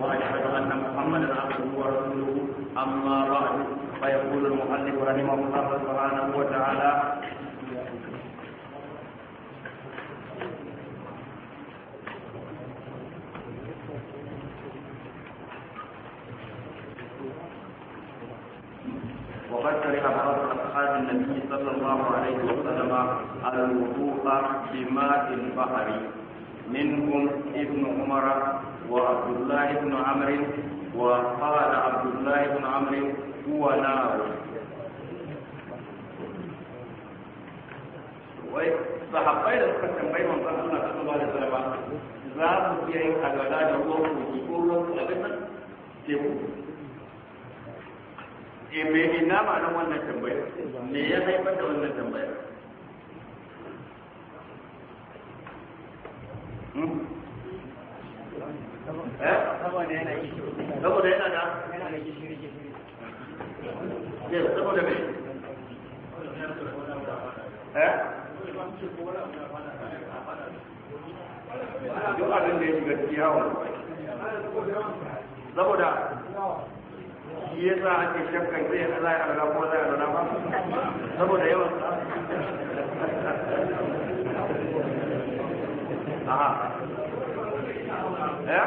واشهد ان محمدا عبده ورسوله اما بعد فيقول المؤلف رحمه الله سبحانه وتعالى وقد كره بعض اصحاب النبي صلى الله عليه وسلم الوقوف بماء البحر منهم ابن عمر وعبد الله بن عمرو وقال عبد الله بن عمرو هو نار wai sahabbai saboda yana saboda yana da yana da gishiri gishiri saboda me eh? duk abin da ya shiga gaskiya wani saboda shi ya sa ake shakkan zai za a rana ko za a ba saboda yawan aha Eh?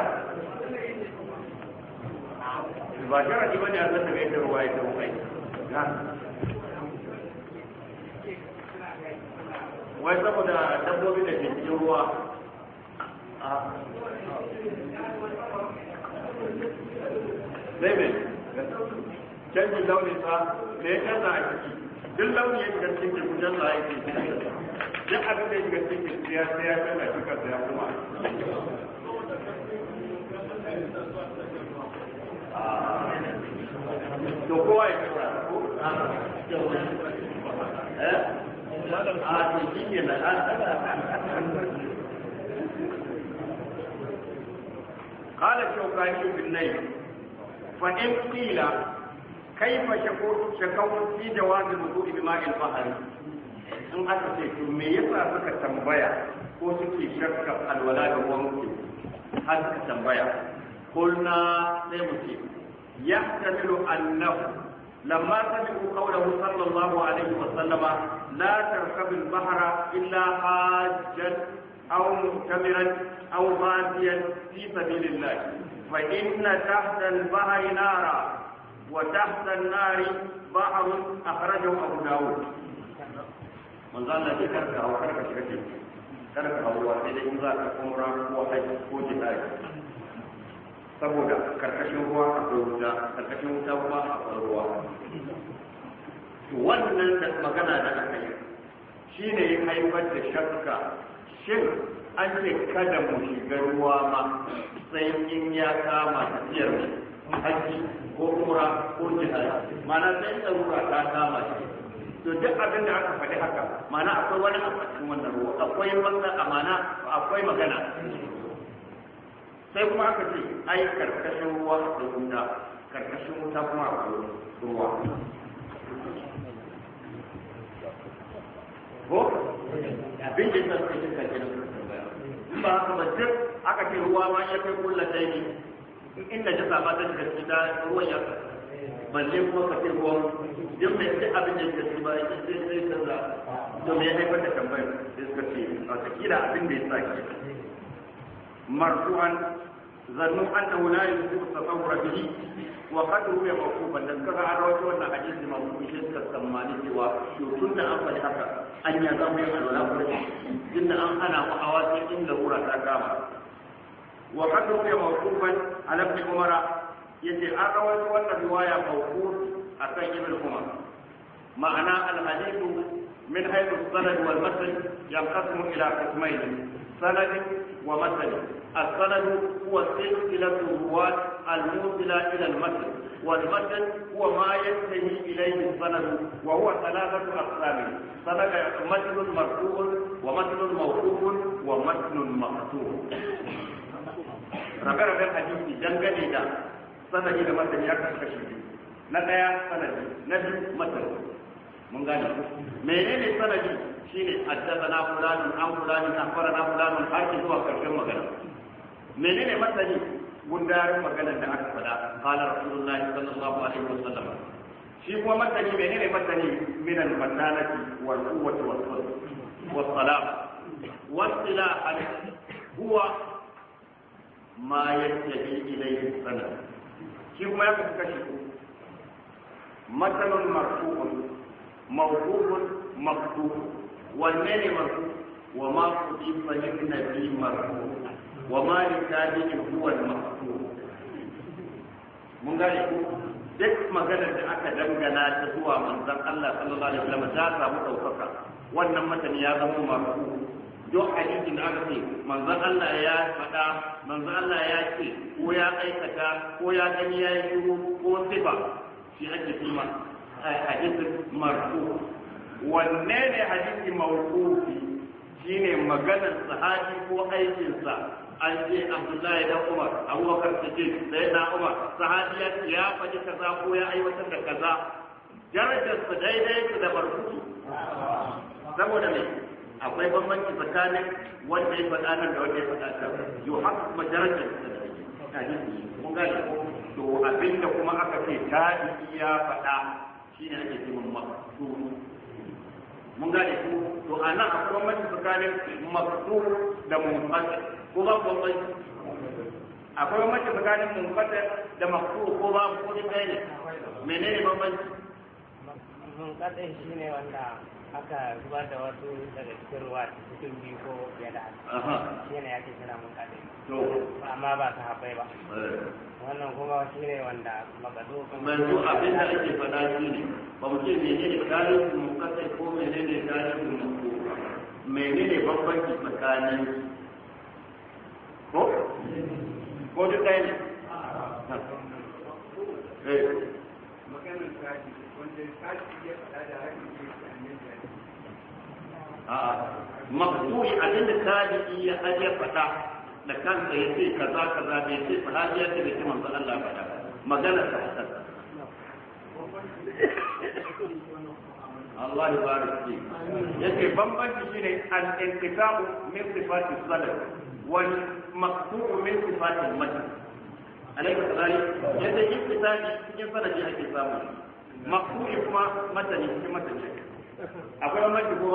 ba sharadi bane a zata gaita ruwa ya tabu kai wai saboda dabbobi da ke cikin ruwa zai ah. mai canjin launin sa da ya canza a ciki duk launi ya shiga cikin teku jan la duk abin da ya shiga cikin teku ya canza shi kansa kuma to kowa ya kara ko eh a to shi ne na قال الشوكاني في فإن قيل كيف شكوت شكوت في جواز الوضوء بماء البحر in aka ce to me yasa suka tambaya ko suke shakka alwala da ruwan tambaya قلنا سيمتي يحتمل أنه لما سمعوا قوله صلى الله عليه وسلم لا تركب البحر إلا حاجا أو مؤتمرا أو غازيا في سبيل الله فإن تحت البحر نارا وتحت النار بحر أخرجه أبو داود من ظن الذي كركه أو كركه شركه إن ذاك أمرا وحج وجهاد saboda karkashin ruwa a wuta karkashin wuta kuma a ruwa wannan da magana da aka yi shi ne ya haifar da shakka shin an ce kada mu shiga ruwa ma sai in ya kama tafiyar mu hajji ko kura ko jihar mana sai tsarura ta kama shi to duk abin da aka faɗi haka mana akwai wani a cikin wannan ruwa akwai wannan amana akwai magana sai kuma aka ce ai karkashin ruwa da wuta karkashin wuta kuma akwai ruwa ko abin da yasa suke kake da kuma ba haka ba duk aka ce ruwa ma ya kai dai ne inda ta saba ta shiga cikin ruwa ya balle kuma ka ce ruwan duk mai ce abin da yake cikin bayan shi sai sai da to me ya haifar da tambayar sai suka ce a tsakira abin da yasa ke مرفوعا ظنوا أنه لا يمكن التصور به وقد روي موقوفا نذكر على وجه أن حديث موقوف شركة السماني سوى يوتون أن فلحفا ان يزموا ان لا ان أن أنا وحواسي إن لورا تكاما وقد روي موقوفا على ابن عمر يجي على وجه أن رواية موقوف أكن ابن عمر معنى الحديث من حيث السند والمتن ينقسم الى قسمين سند ومثل السند هو سلسلة الرواة الموصلة إلى المثل والمثل هو ما ينتهي إليه السند وهو ثلاثة أقسام سند مثل مرفوع ومثل موقوف ومثل مقطوع rabe-raben hadisi dangane da سند إلى مثل يكتب karkashe na سند sanadi مثل mun gane menene sanadi shine na fulanun an an fara na fulanun har zuwa karshen magana menene masani gundarin magana da aka faɗa qala rasulullahi sallallahu alaihi wasallam shi kuma masani menene masani min al-fannanati wal quwwati wal fadl was salam was silah huwa ma yattabi ilayhi sanad shi kuma ya kashi masalun marfu'un موقوف مكتوب والمال مرفوع وما قضي فإن به مرفوع وما لتابع هو المكتوب mun gane ko duk maganar da aka dangana ta zuwa manzon Allah sallallahu alaihi wasallam ta samu daukaka wannan matani ya zama marfu duk hadisin da aka ce manzon Allah ya faɗa manzon Allah ya ce ko ya aikata ko ya gani ya yi shiru ko sifa shi ake kuma hadisin marfu wanne ne hadisi mawqufi shine maganar sahabi ko aikinsa an ce Abdullahi da Umar Abubakar Siddiq sai da Umar sahabi ya faɗi kaza ko ya aiwatar da kaza darajar su daidai su da marfu saboda me akwai bambanci tsakanin wanda ya faɗa nan da wanda ya faɗa nan? yau haka kuma darajar su da hadisi mun gane to abinda kuma aka ce ta ya faɗa shine ake cewa maktur mun gane ku to a nan akwai bambanci tsakanin maktur da munfasil ko ba ku bambanci akwai bambanci tsakanin munfasil da maktur ko ba ku ne menene bambanci munfasil shine wanda aka zubar da wasu daga cikin ruwa cikin biyu ko biyar da haka yana yake ya suna mun kaɗe amma ba su haɓai ba eh. wannan kuma shi ne wanda magado kuma yanzu abin da ake faɗa shi ne ba mu ce menene tarihin mukasai ko menene tarihin ne menene bambanci tsakanin ko ko duk ɗaya ne eh. maganin tashi wanda tashi ya faɗa da hakan Maktubi mafduhi da tabi'i ya aje fata da kansa ya ce kaza kaza bai ce sahabi ya ce bai ce manzo Allah fata, magana ta hasan Allah ya bari shi yake bambanci shine al-inqita'u min sifati salaf wal Maktubu min sifati al-matan alayka kadhalik yadda inqita'i cikin sanadi ake samu Maktubi kuma matani cikin matani akwai wani ko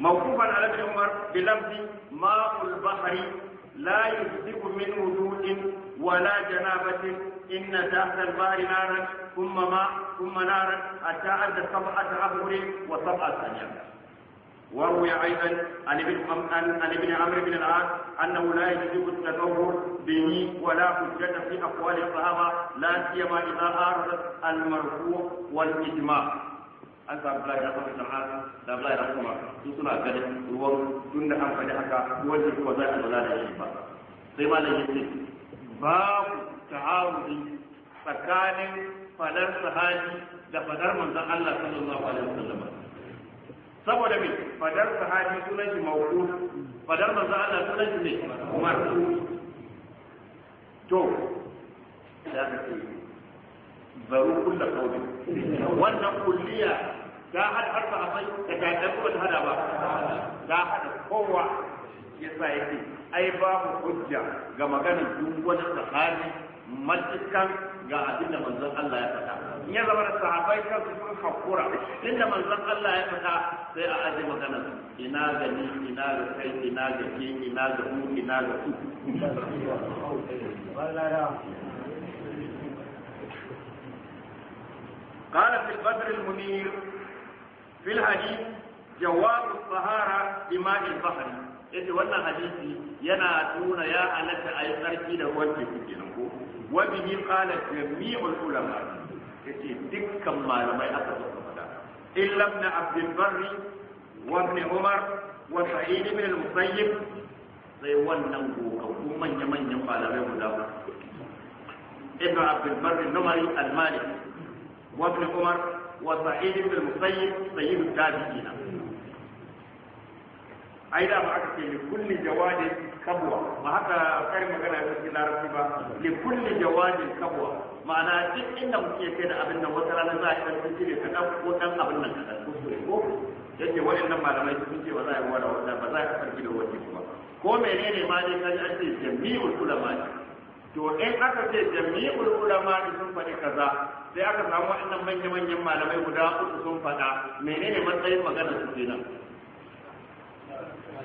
موقوفا على ابن عمر بلفظ ماء البحر لا يصدق من وجود ولا جنابة إن تحت البحر نارا ثم ماء ثم نارا حتى أدى سبعة أبهر وسبعة أيام وروي ايضا عن ابن عن ابن عمرو بن العاص انه لا يجوز التطور به ولا حجه في اقوال الصحابه لا سيما اذا عارضت المرفوع والاجماع an samu ya samu jama'a da bala ya kuma su suna ganin ruwan tun da an faɗi haka wanda kuma za a lura da shi ba sai malam ya ce babu ta'awudi tsakanin fadar sahabi da fadar manzon Allah saboda me fadar sahabi sunan shi mawquf fadar manzo Allah sunan shi ne marfu to da kake zaru kulla kawai wannan kulliya ta hada harfa abai da ta dabba ta hada ba ta hada kowa sa yake ai babu hujja ga maganar duk wani sahabi matukan ga abin da manzon Allah ya faɗa in ya zama da sahabbai kan su sun hakura inda manzon Allah ya faɗa sai a aje magana ina ga ni ina ga kai ina ga ke ina ga mu ina ga ku قال في البدر المنير في الحديث جواب الطهارة بماء البحر yace wannan hadisi yana tuna ya halatta a yi tsarki da ruwan teku وبه قال جميع العلماء يتي دك ما لم يأخذ الصفدا إلا ابن عبد البر وابن عمر وسعيد بن المصيب سيوان نوبوك ومن يمن يقال غير دابر ابن عبد البر النمري المالك وابن عمر وسعيد بن المسيب سيد التابعين ai da ba aka ce li kulli jawadin kabwa ba haka kai magana da cikin larabci ba li kulli jawadin kabwa ma'ana duk inda muke kai da abin nan wata rana za a yi sun cire ne ko dan abin nan kaɗan kuskure ko yake waɗannan malamai sun ce ba za a yi wa da wata ba za a karfi da wani ba ko menene ma dai kan an ce jami'ul ulama to in aka ce jami'ul ulama sun faɗi kaza sai aka samu waɗannan manya-manyan malamai guda uku sun faɗa menene matsayin magana su kenan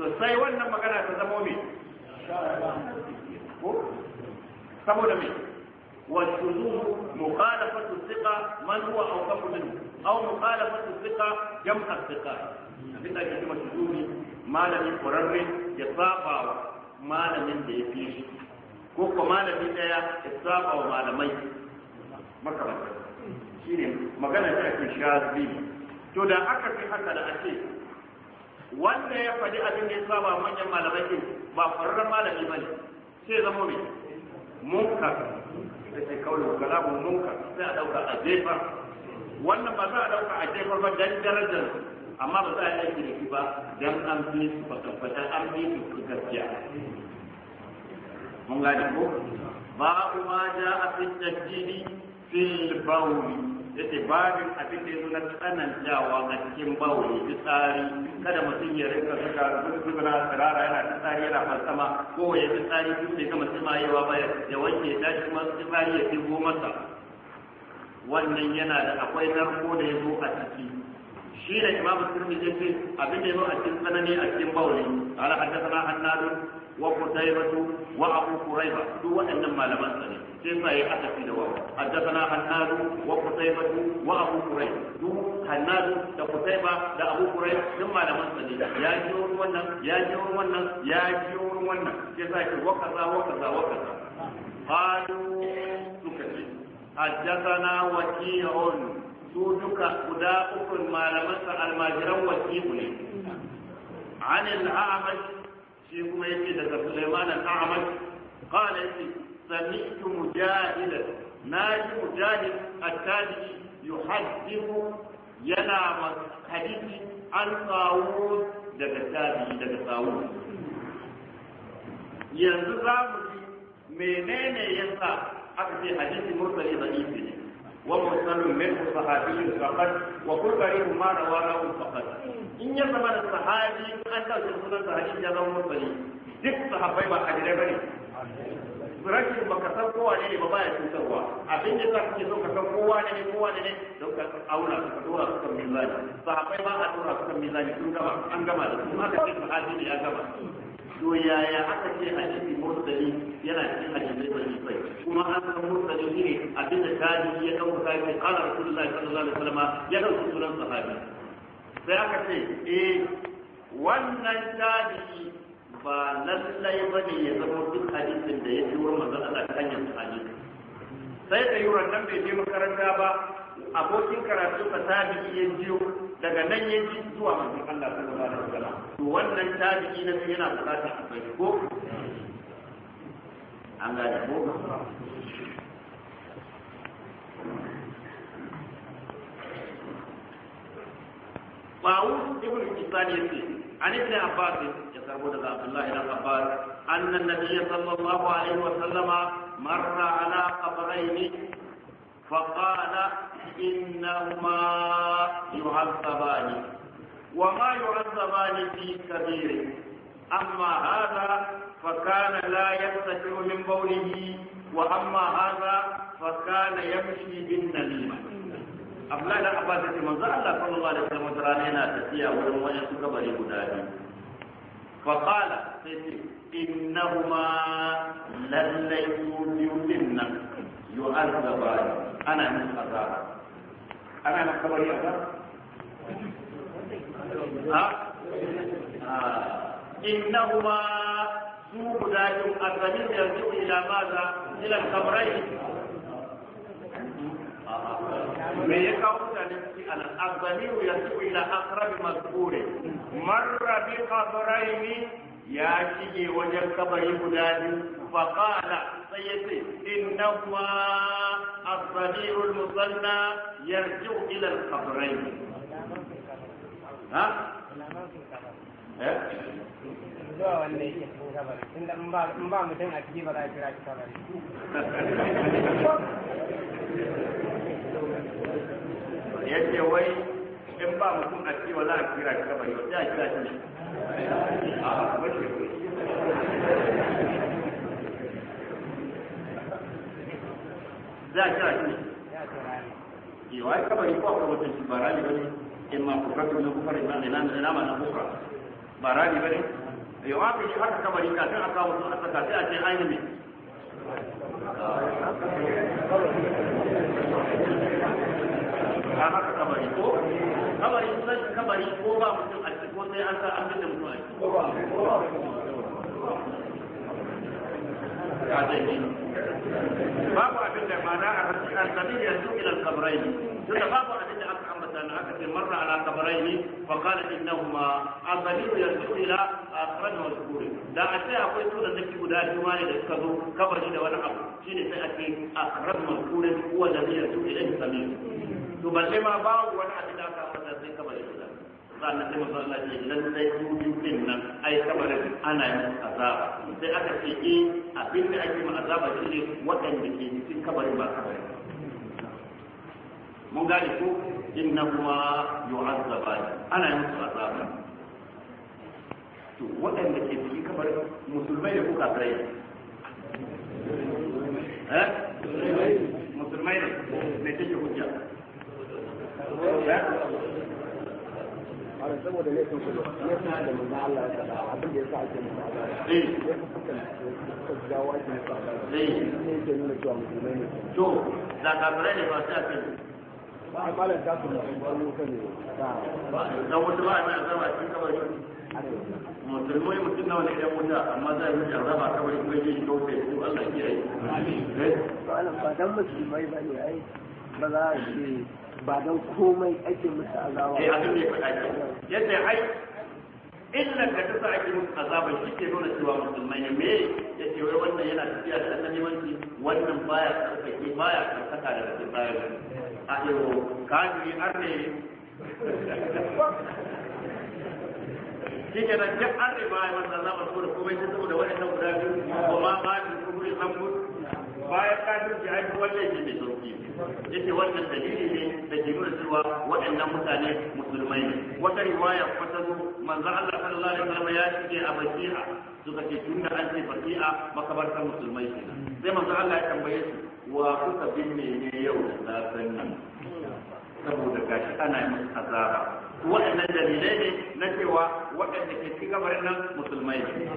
to sai wannan magana ta zama me saboda me والشذوذ مخالفة الثقة من هو أوثق منه أو مخالفة الثقة جمع الثقة abin da ake cewa shuzuri malamin ƙwararre ya saba wa malamin da ya fi shi ko kuma malami ɗaya ya saba wa malamai makamantar shi ne magana ta ake shazi to da aka fi haka da ake wanda ya faɗi abin da ya saba manyan malamai ɗin ba kwararren malami bane sai zama mai munka da ke kaulin kalamun munka sai a ɗauka a jefa wannan ba za a ɗauka a jefa ba dan darajar amma ba za a yi aiki da shi ba dan an fi su ba tabbata an fi su gaskiya mun gane ko ba kuma ja a fi tajjidi fil bauli yace babin abin da yazo na tsanantawa na cikin bawani fitsari kada mutum ya rinka saka zubuna tsirara yana fitsari yana falsama ko ya fitsari duk da kama tsimayewa ba ya wanke tashi kuma fitsari ya digo masa wannan yana da akwai narko da yazo a ciki shi da imamu turmi yace abin da yazo a cikin tsanani a cikin ala qala haddathana hannadun wa qutaybatu wa abu qurayba duk waɗannan malaman sa ne sai sa yi fi da wawa haddathana hannadu wa qutaybatu wa abu qurayba duk hannadu da qutayba da abu qurayba duk malaman sa ne ya ji wannan ya ji wannan ya ji wannan sai sa ki wa kaza wa kaza wa kaza qalu suka ce haddathana waqi'un su duka guda ukun sa almajiran wasi'u ne al-a'mash shi kuma yake daga Sulaiman al-A'mash qala yake sami'tu mujahidan naji mujahid at-tabi'i yuhaddithu yana hadisi an sawud daga tabi daga sawud yanzu za mu ji menene yasa aka ce hadisi mursali da ne ومرسل منه صحابي فقط وكل غريب ما رواه فقط إن يسمى الصحابي أنت تقول الصحابي يا ذو مرسلي duk sahabbai ba hadidai bane rashin baka san kowa ne ba baya cutarwa abin da za kake so ka san kowa ne ne kowa ne ne don ka aura ka dora su kan mizani sahabbai ba a dora su kan mizani sun gama an gama da su haka ce sahabi ne ya gama to yaya aka ce hadisi mursali yana cikin hadisai ba ne kuma an san mursali shine abin da taji ya dauka ya kala rasulullahi sallallahu alaihi wasallam ya dauki sunan sahabi sai aka ce eh wannan taji ba lallai bane ya zama duk hadisin da ya ji wa Allah ta hanyar sahabi sai da yuran nan bai je makaranta ba abokin karatu ka tabi ya jiyo daga nan ya ji zuwa manzon Allah sallallahu alaihi wasallam to wannan a na yana bukatar akwai ko عن ذلك طاووس بكل حسان يسير عن ابن عباس يسربون عبد الله بن عباس أن النبي صلى الله عليه وسلم مر على قبرين فقال إنهما يعذبان وما يعذبان في كبير أما هذا فكان لا يستطيع من بوله واما هذا فكان يمشي بالنميمه Abdullahi da Abbas yace manzo Allah sallallahu alaihi wasallam ta yana tafiya wurin wani suka bari guda biyu. Fa qala sai innahuma lallai yudin nan yu'azzaba ana min azaba. Ana min kabari A Ha? Innahuma su guda biyu a zamin yanzu ila maza ila kamrai me ya kawo mutane su ala azamir yanzu ila akrabi mazkure marra bi ya shige wajen kabari guda biyu فقال سيدي إنهما الصغير المصلى يرجع إلى القبرين ها؟ addu'a wanda yake cikin kabari tunda in ba in ba mutum a ciki ba za a kira shi kabari yace wai in ba mutum a ciki ba za a kira shi kabari ba sai a kira shi ne a wace za a kira shi ne yawa ya kabari ko akwai wata shi ba rami ba ne in ma kuka kuma kuka rami ba na mana kuka ba rami ba ne yau aka shi aka kamari kafin a kawo su a saka sai a ce an yi a haka kamari ko kamari sun kamari ko ba mutum a ko sai an sa an bin mutum a cikin babu abin da mana a hasiran sabir yanzu ilal kabrai tunda babu sannan aka ce marra ala kabarai fa qala innahuma azaliru yasdu ila akhran wa zuhuri da a ce akwai sunan da guda biyu ne da suka zo kabari da wani abu shine sai a ce akhran wa zuhuri huwa alladhi yasdu ila samir to balle ma babu wani abin da aka fada sai kabari guda sannan sai manzo Allah ya nan sai su din nan ai kabarin ana yin azaba sai aka ce eh abin da ake ma azaba shine waɗanda ke cikin kabarin ba kabarin mun gane ko inna kuma yu'azzaba ana yin musu azaba to waɗanda ke cikin kamar musulmai da kuka tsaye eh musulmai ne ne take hujja eh? saboda laifin su ne suna da manzo Allah ya faɗa abin da yasa ake musu azaba ne suka suka jawo ake musu Ne eh ne ke nuna cewa musulmai ne to da kafirai ne ba sai a ai malam ta kuma wani kan ne dan wata ba mai cikin musulmai mutum nawa ne yan wuta amma za a yi azaba kabari ko yin kauce su Allah ya yi ba dan musulmai ba ne ai ba za a ce ba dan komai ake musu azaba eh abin ne faɗa ke yadda ai illan da ta sa ake musu azaba shi ke nuna cewa musulmai ne me ya ce wai wannan yana tafiya da annabi wannan baya karfafa baya karfafa da baya a yau kafiri har ne shi ke nan duk ya wata zama su da kuma da saboda waɗannan guda biyu ba ma ba da kuma ya san mutu bayan kafin shi aiki wannan shi mai sauki yake wannan dalili ne da ke nuna waɗannan mutane musulmai wata riwaya wata zo manzo Allah sallallahu alaihi wasallam ya ce a baki'a suka ce tunda an ce baki'a makabartar musulmai kenan sai manzo Allah ya tambaye su wa kuka bin ne yau da zafin nan saboda gashi ana yin azara waɗannan dalilai ne na cewa waɗanda ke ci gabar nan musulmai ne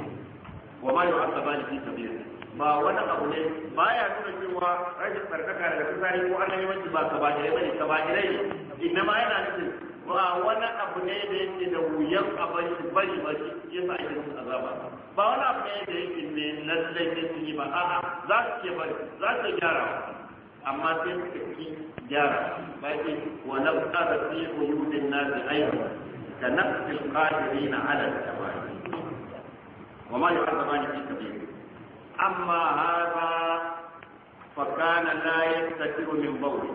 wa ma yu'azzabani fi ba wani abu ne ba ya nuna cewa rashin tsarkaka kusa ne ko annabi ba ka ba ne bane ka ba ne inna ma yana nufin ba wani abu ne da yake da wuyan a bari bari bari ya sa ake musu azaba ba wani abu ne da yake mai lallai ne su ba a'a za su ke bari za su gyara amma sai suka ki gyara ba ke wani ta da su yi kuyudin na da aiki da na fi kadiri na alal jama'i wa ma yi azaba ne fi kabiru amma haka fakana la yastatiru min bawli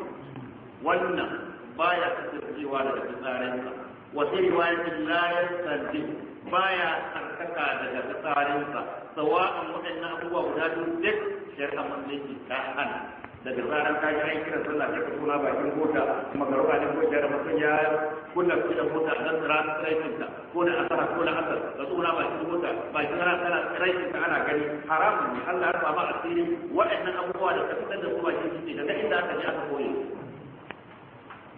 wannan baya kasancewa daga fitsarinsa wa fi riwayatin la yastanji baya karkaka daga fitsarinsa an wadannan abubuwa guda biyu duk mun yi ta hana daga zaran ka ji an kira sallah sai ka tona bakin mota makaruwa din ko da mutum ya kunna da mota dan tsara tsarin ta ko na asara ko da asar ka tona bakin mota bakin rana tsara tsarin ta ana gani haramun ne Allah ya ba ma asiri waɗannan abubuwa da ka fitar da su bakin ciki daga inda aka ji aka koyi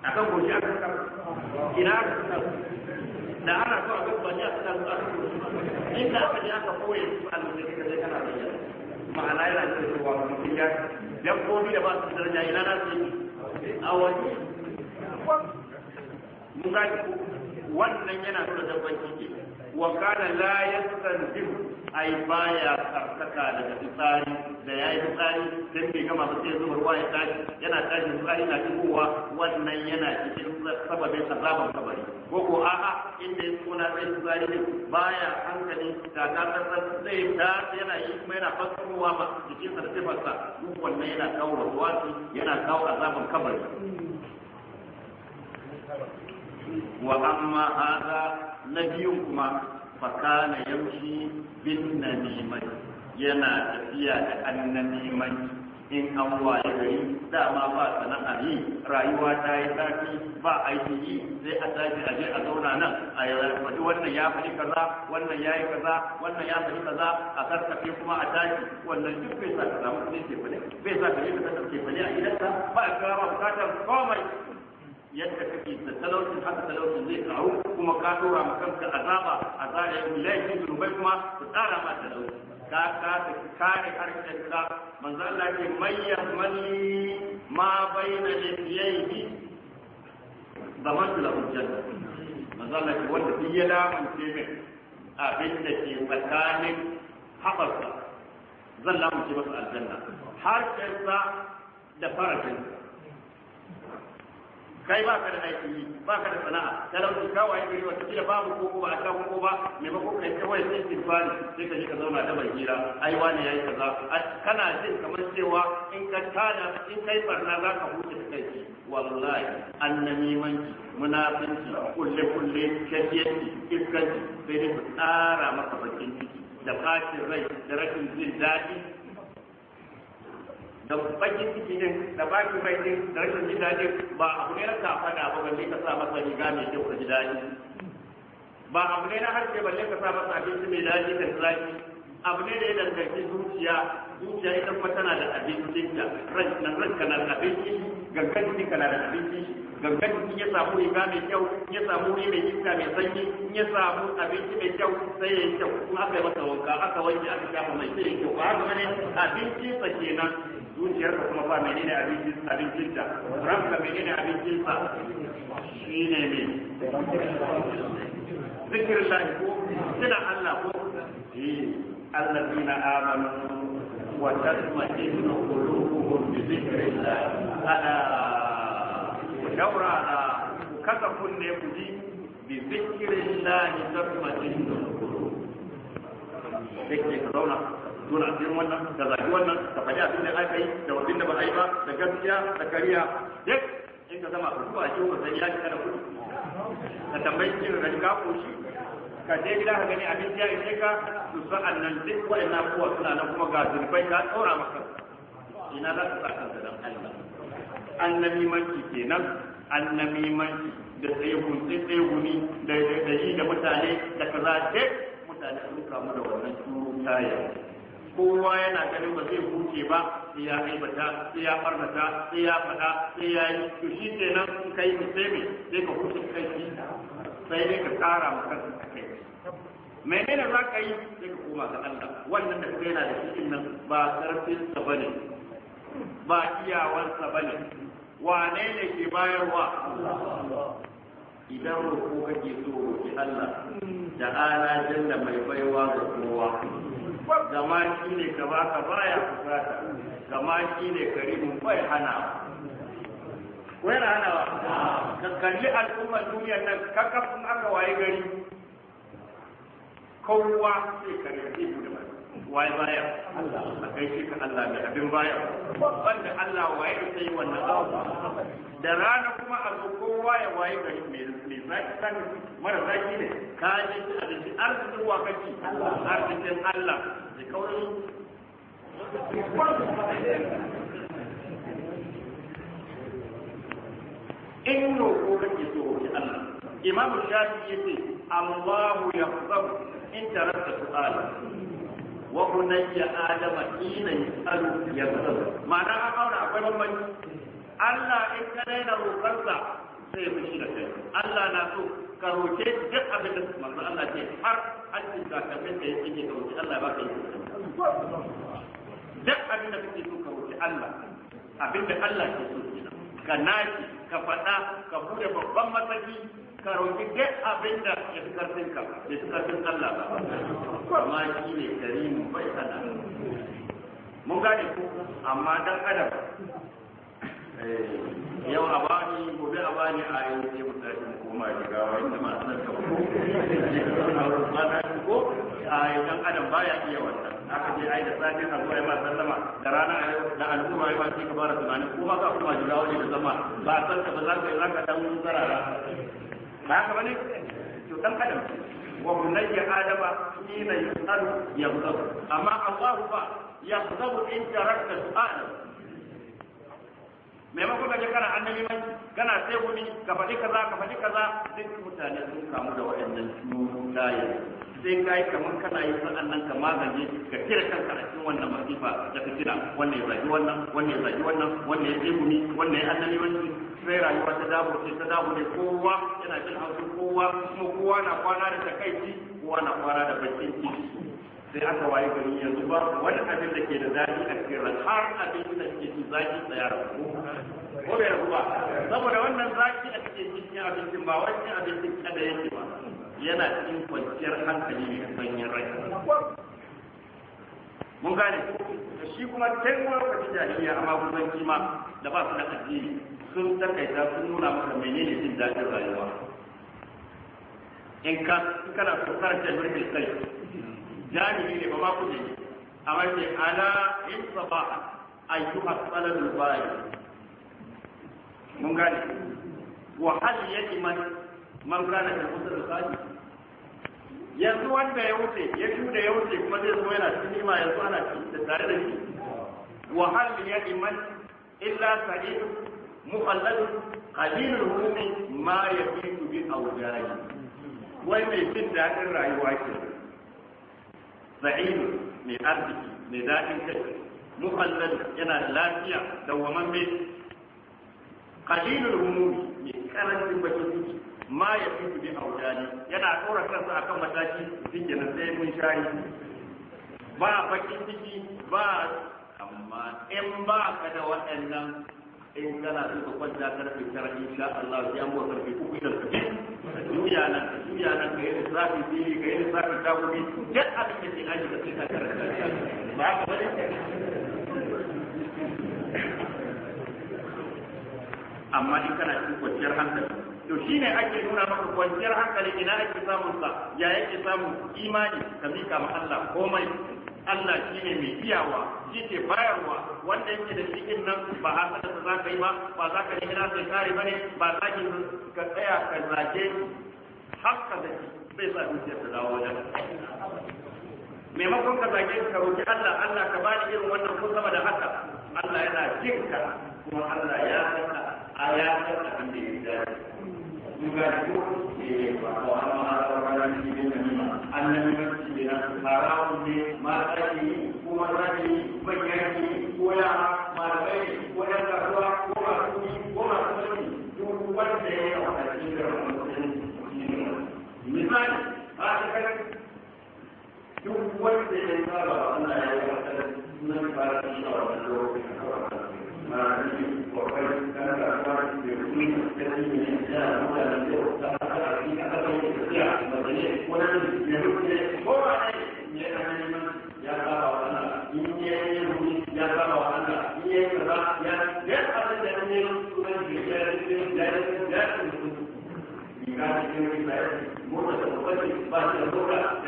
akan goshi aka ina aka da ana so a gaba a su aka goshi inda aka aka su a lokacin da kana bayyana ma'ana yana cewa mutum ya da ba su daraja ina na su a wani mun gaji wannan yana nuna dabbanci ke wa kana la yastanzim ai baya tsarkaka daga fitsari da yayi fitsari dan bai gama ba sai zuwa ruwa ya tashi yana tashi fitsari na dubowa wannan yana cikin sababin azaban kabari ko ko a'a inda ya tsona sai fitsari ne baya hankali da ta tsantsan sai ta yana yi kuma yana fasarowa ba cikin sarfifarsa duk wannan yana kawo wasu yana kawo azaban kabari wa amma hada na biyun kuma fakana yamshi bin namimai yana tafiya da mai, in an waye gari dama ba a yi rayuwa ta yi zafi ba a yi sai a a aje a zauna nan a faɗi wannan ya faɗi kaza wannan ya yi kaza wannan ya faɗi kaza a sarkafe kuma a tashi wannan duk bai sa ka zama kuɗi ke faɗi, bai sa ka yi ka ke faɗi a gidanka ba a kira ba bukatar komai yadda kake da talaucin haka talaucin zai kawo kuma ka dora ma kanka azaba azaba laifin zunubai kuma su tsara ma talauci ka ka kare harshen ka manzo Allah ke mayya malli ma bayna lafiyaihi zaman da hujja manzo Allah ke wanda duk ya lamance mai abin da ke tsakanin haɓarsa zan lamance masa aljanna harshen sa da farajinsa kai ba ka da aikin yi ba ka da sana'a talauci ka waye gari wata kila babu koko ba a sha koko ba maimakon kai ta waye sai kifani sai ka ka zauna da mai hira ai wani yayi kaza kana jin kamar cewa in ka tada in kai barna za ka huce da kai wallahi annamimanci munafinci kulle kulle kafiyanci iskanci sai dai ku tsara maka bakin ciki da bacin rai da rashin jin daɗi da bakin ciki din da baki bai din da rashin jin daɗi ba abu ne na kafada ba balle ka sa masa riga mai kyau ka ji daɗi ba abu ne na harshe balle ka sa masa abinci mai daɗi da ji abu ne da ya danganci zuciya zuciya ita kuma tana da abincin da ranka ranka na da abinci gangan jiki kana da abinci gangan jiki ya samu riga mai kyau ya samu ne mai iska mai sanyi ya samu abinci mai kyau sai ya yi kyau kuma aka yi masa wanka aka wanke aka shafa mai sai ya kyau ba haka ne abinci sa kenan zuciyarka kuma ba mai ne abincinta ta ranka menene abincin sa shine ne zikirin lahi ko kina Allah ko yi eh, allazina amanu wata ke suna wa da qulubuhum bi zikrillah ala daurana kasa kunne ku ji bi zikrillah tatma'innu qulubuhum zikrin zauna nuna asirin wannan ka zagi wannan ka faɗi abin da aka yi da abin da ba a yi ba da gaskiya da kariya duk in ka zama ka zuba cikin wannan ya kana kuɗi ka tambayi cin rani ka koshi ka je gida ka gani abin ya ishe ka su sa'an nan duk ina abubuwa suna nan kuma ga zurfai ka tsora maka ina za ka sa kanka dan Allah annabi manci kenan annabi manci da tsaye gunce tsaye guni da yi da mutane da kaza duk mutane sun kamu da wannan turu yi kowa yana ganin ba zai huce ba sai ya aibata sai ya farnata sai ya fada sai ya yi to shi nan in kai musulmi sai ka huce kai shi sai dai ka tsara ma kanka kai menene za ka yi sai ka koma ga Allah wannan da kai yana da shi nan ba karfin sa bane ba iyawansa bane wane ne ke bayarwa idan roƙo kake so roƙi Allah da ala jalla mai baiwa ga kowa gama shi ne ka ba ka baya fusata gama shi ne karimin bai hana ko yana wa ka kalli al'ummar duniyar nan kakafin aka waye gari kowa sai kare zai gudu waye bayar Allah kai shi ka Allah mai abin bayar wanda Allah waye sai wannan da rana kuma a zo kowa ya waye gari mai mai zaki zaki mara zaki ne ka ji abinci arzikin wa kake arzikin Allah da kaurin in roƙo kake so ki Allah imamu shafi yace Allahu yaqbal in tarasta su'ala wa bunayya adama ina al ya ma ma'ana ka kaura akwai bambanci Allah in ka daina roƙarsa sai mu fushi da kai Allah na so ka roke duk abin da manzo Allah ce har an da ka kafin da yake ke roke Allah ya ka yi duk abin da kake so ka roke Allah abin da Allah ke so kenan ka naci ka faɗa ka bude babban mataki ka roki abinda abin da ya fi karfin ka ya fi karfin Allah ba amma shi ne bai sana mun gane ku amma dan adam eh, yau a bani gobe a bani a yi sai mu tashi mu koma shigawa inda masu nan ka ko a dan adam baya iya wannan aka je ai da safe a zuwa ma sallama da rana da al'umma ai ma sai ka fara tunanin ko ba ka kuma jigawa ne da zama ba san ka ba za ka yi za ka dan zarara ba haka bane to dan adam wa bunayya adama hina yusalu yaghdab amma Allah fa yaghdab in tarakta su'al maimakon kaje kana annabi mai kana sai gumi ka faɗi kaza ka faɗi kaza duk mutane sun kamu da waɗannan cunaye sai ka kamar kana yi sa'an nan ka magani, ka kira kanka a cikin wannan masifa da ka kira wannan ya zagi wannan wannan ya zagi wannan wannan ya sai gumi wannan ya annabi mai sai rayuwa ta dabu ce ta dabu ne kowa yana jin haushin kowa kuma kowa na kwana da takaici kowa na kwana da bakin ciki sai aka waye gari yanzu ba wani abin da ke da zafi a cikin ran har abin da ke ci zaki tsaya da ko bai rabu ba saboda wannan zaki a cikin cikin abincin ba wani abincin kada yake ba yana cikin kwanciyar hankali ne sanyin rai mun gane shi kuma taimakon lokaci jahiliya amma kusan kima da ba su da addini sun takaita sun nuna maka menene jin daɗin rayuwa in ka in kana so karanta mirkin kai jami'i ne ba ma ku ne amma ce ala in sabaha ayyuha salalul bayi mun gane wa hal yajiman man kana da musul sadi yanzu wanda ya wuce ya da ya wuce kuma zai zo yana cikin nima yanzu ana cikin da tare da shi wa hal yajiman illa sa'id mukhallad qalil al-hummi ma yafitu bi wai mai jin dadin rayuwa ke sa'id mai arziki mai dadin kai mukhallad yana da lafiya dawwamamme qalil al-hummi mai karancin bakin ciki ma ya fi su bi yana tsora kansa akan mataki cikin sai mun shayi ba bakin ciki ba amma in ba ka da waɗannan in kana su ka kwanta karfe tara sha Allah sai an buwa karfe uku idan kaje ka juya nan ka juya nan ka yi lissafi fili ka yi lissafi takuri duk abin da ke aji ka sai ka karanta ba ka wani amma in kana cikin kwanciyar hankali to shine ake nuna maka kwanciyar hankali ina ake samun sa ya yake samun imani ka mika ma Allah komai Allah shi ne mai iyawa shi ke bayarwa wanda yake da shi nan ba a sanar da za ka yi ba ba za ka nemi nasa kare ba ne ba za ki ka tsaya ka zage haka da shi bai sa dukiyar ta dawo wajen maimakon ka zage ka roki Allah Allah ka bani irin wannan ko sama da haka Allah yana jin ka kuma Allah ya a ya saka da ya dace ko ba ko amma ba ne annabi kenan haramun ne mata ke yi ko maza ke yi manya ke yi ko yara malamai ne ko yan kasuwa ko masu yi ko masu sani duk wanda ya yi a wadatun da wani misali a cikin duk wanda ya yi saba wanda ya yi wadatun nan ba su shi a wani lokacin ma'ana ne kokarin kan kasuwa da kuma da kuma da kuma da kuma da kuma da kuma da kuma da kuma da kuma كانت تنوي فيروس مرة وقت بعد المرة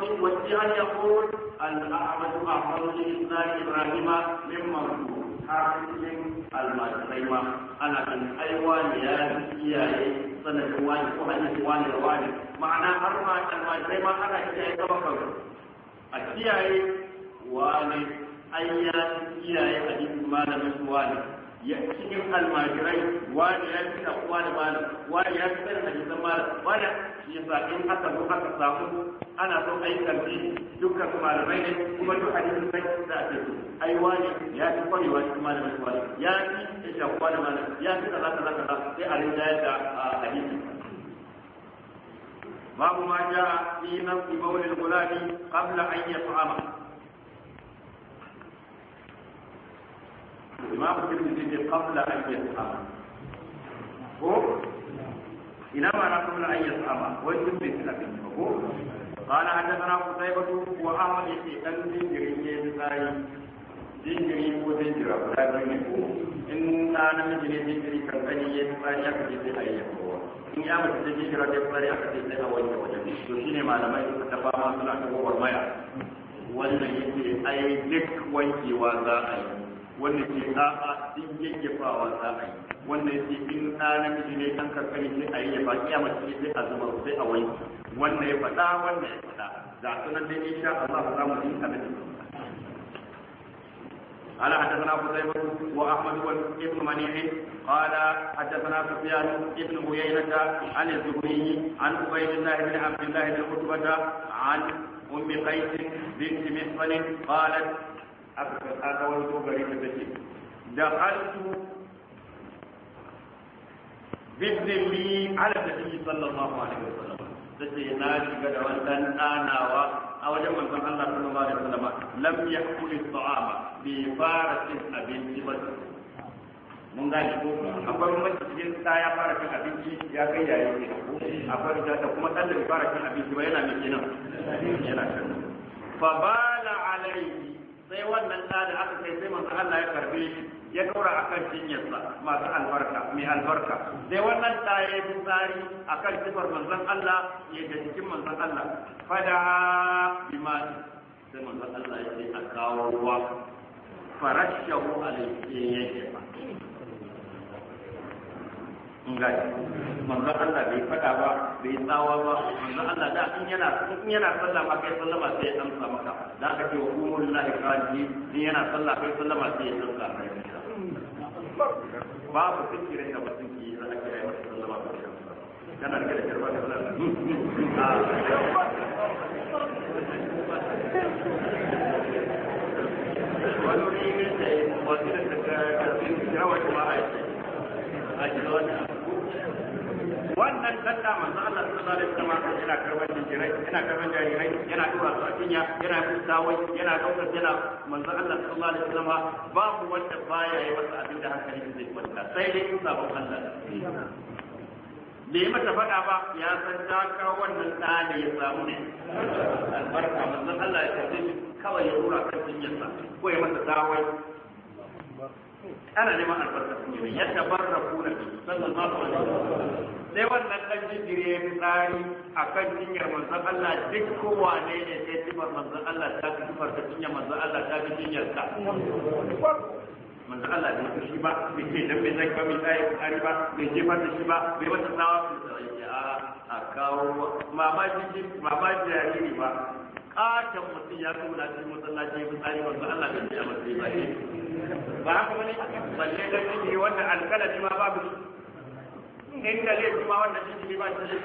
ki wajen ya kuri al’amadu a kwanu na ibrahima min maru hafifin almasaraima ana kan aiwa ya yi iyaye sanadin wani ko hanyar wani da wani ma'ana har ma almasaraima ana iyaye zama kawai a kiyaye wani an yi iyaye a jikin malamin wani ya cikin almajirai wani ya fi kuwa da malam wani ya fi tsaye sanin hadisan malam wani shi ya sa in aka zo aka samu ana son ayi karfi dukkan malamai ne kuma duk hadisin sai za a ce su ai wani ya fi kwari kwarewa cikin malamin wani ya fi ya shafuwa da bala ya fi kaza kaza kaza sai a rinda ya da hadisin babu ma ja fi nan nafsi bawlil gulami qabla an yat'ama imam tirmidhi ce qabla an yasama ko ina ma na qabla an yasama wai duk bai tsaka قال حدثنا قتيبة وأحمد في أن جريه بساري jinjiri ko jinjira ba biyu ne ko in ta namiji ne jinjiri kan gani ya tsari aka ce sai a yi ko in ya mace ce jinjira ta tsari aka ce sai a wanke wajen to shine malamai suka ta fama suna ta gwagwarmaya wannan yake ai duk wankewa za a yi wanda ke a'a din yayyafawa za a yi wanda ke in na namiji ne ɗan kankani sai a yayyafa kiyama ce sai a zama sai a wani. wanda ya faɗa wanda ya faɗa za su nan dai insha Allah za mu yi abin da قال حدثنا قتيبة وأحمد بن منيع قال حدثنا سفيان بن عيينة عن الزهري عن عبيد الله بن عبد الله بن عن أم قيس بنت محصن قالت aka wani gari da take da haltu bibni li ala nabi sallallahu alaihi wasallam tace na shiga da wannan danawa a wajen manzon Allah sallallahu alaihi wasallam lam yakul at'ama bi farasin abinci ba mun gane ko an bar mun cikin ta ya fara cin abinci ya kai yayi ne akwai da kuma dan da fara cin abinci ba yana mai kenan yana fa bala alaihi sai wannan da da aka kai sai manzo Allah ya karbe shi ya dora akan jinyarsa masu albarka mai albarka sai wannan da ya yi tsari akan sifar manzon Allah ya da jikin manzon Allah fada iman sai manzon Allah ya ce a kawo ruwa farashahu alayhi ya ngai manzo Allah bai fada ba bai tsawa ba manzo Allah da in yana in yana sallah ma kai sallama sai an amsa maka da ka ce wa umul lahi kaji in yana sallah kai sallama sai ya amsa maka babu fikirin da mutum ke yi za a masa sallama ba kana rike da jarba da sallah wani ne da wasu da ta karfi rawar jama'a a cikin wani wannan sallah manzo Allah sallallahu alaihi wasallam yana karban jirai yana karban jarirai yana dora su a cinya yana fitawai yana daukar yana manzo Allah sallallahu alaihi wasallam babu wanda baya yi masa abin da hankali zai kwanta sai dai in sabon Allah bai mata faɗa ba ya san ta kawo wannan ɗa ya samu ne albarka manzon Allah ya tafi kawai ya rura kan jinyarsa ko ya masa dawai ana neman albarka ya tabarraku na sallallahu alaihi wasallam sai wannan dan jindire ya tsari akan jinyar manzon Allah duk kowa ne ne sai jinyar manzon Allah ta fi sifar ta jinyar manzon Allah ta fi jinyar ka manzon Allah bai fi shi ba bai ce dan bai zai ba mai tsaye tsari ba bai je ba shi ba bai wata tsawa a kawo mamaki mamaki ba katon mutum ya kawo na cikin masallaci ya tsari wanda Allah bai biya masa ba ne ba haka bane balle da kike wanda alkalami ma babu inda laifi ma wanda shi ba shi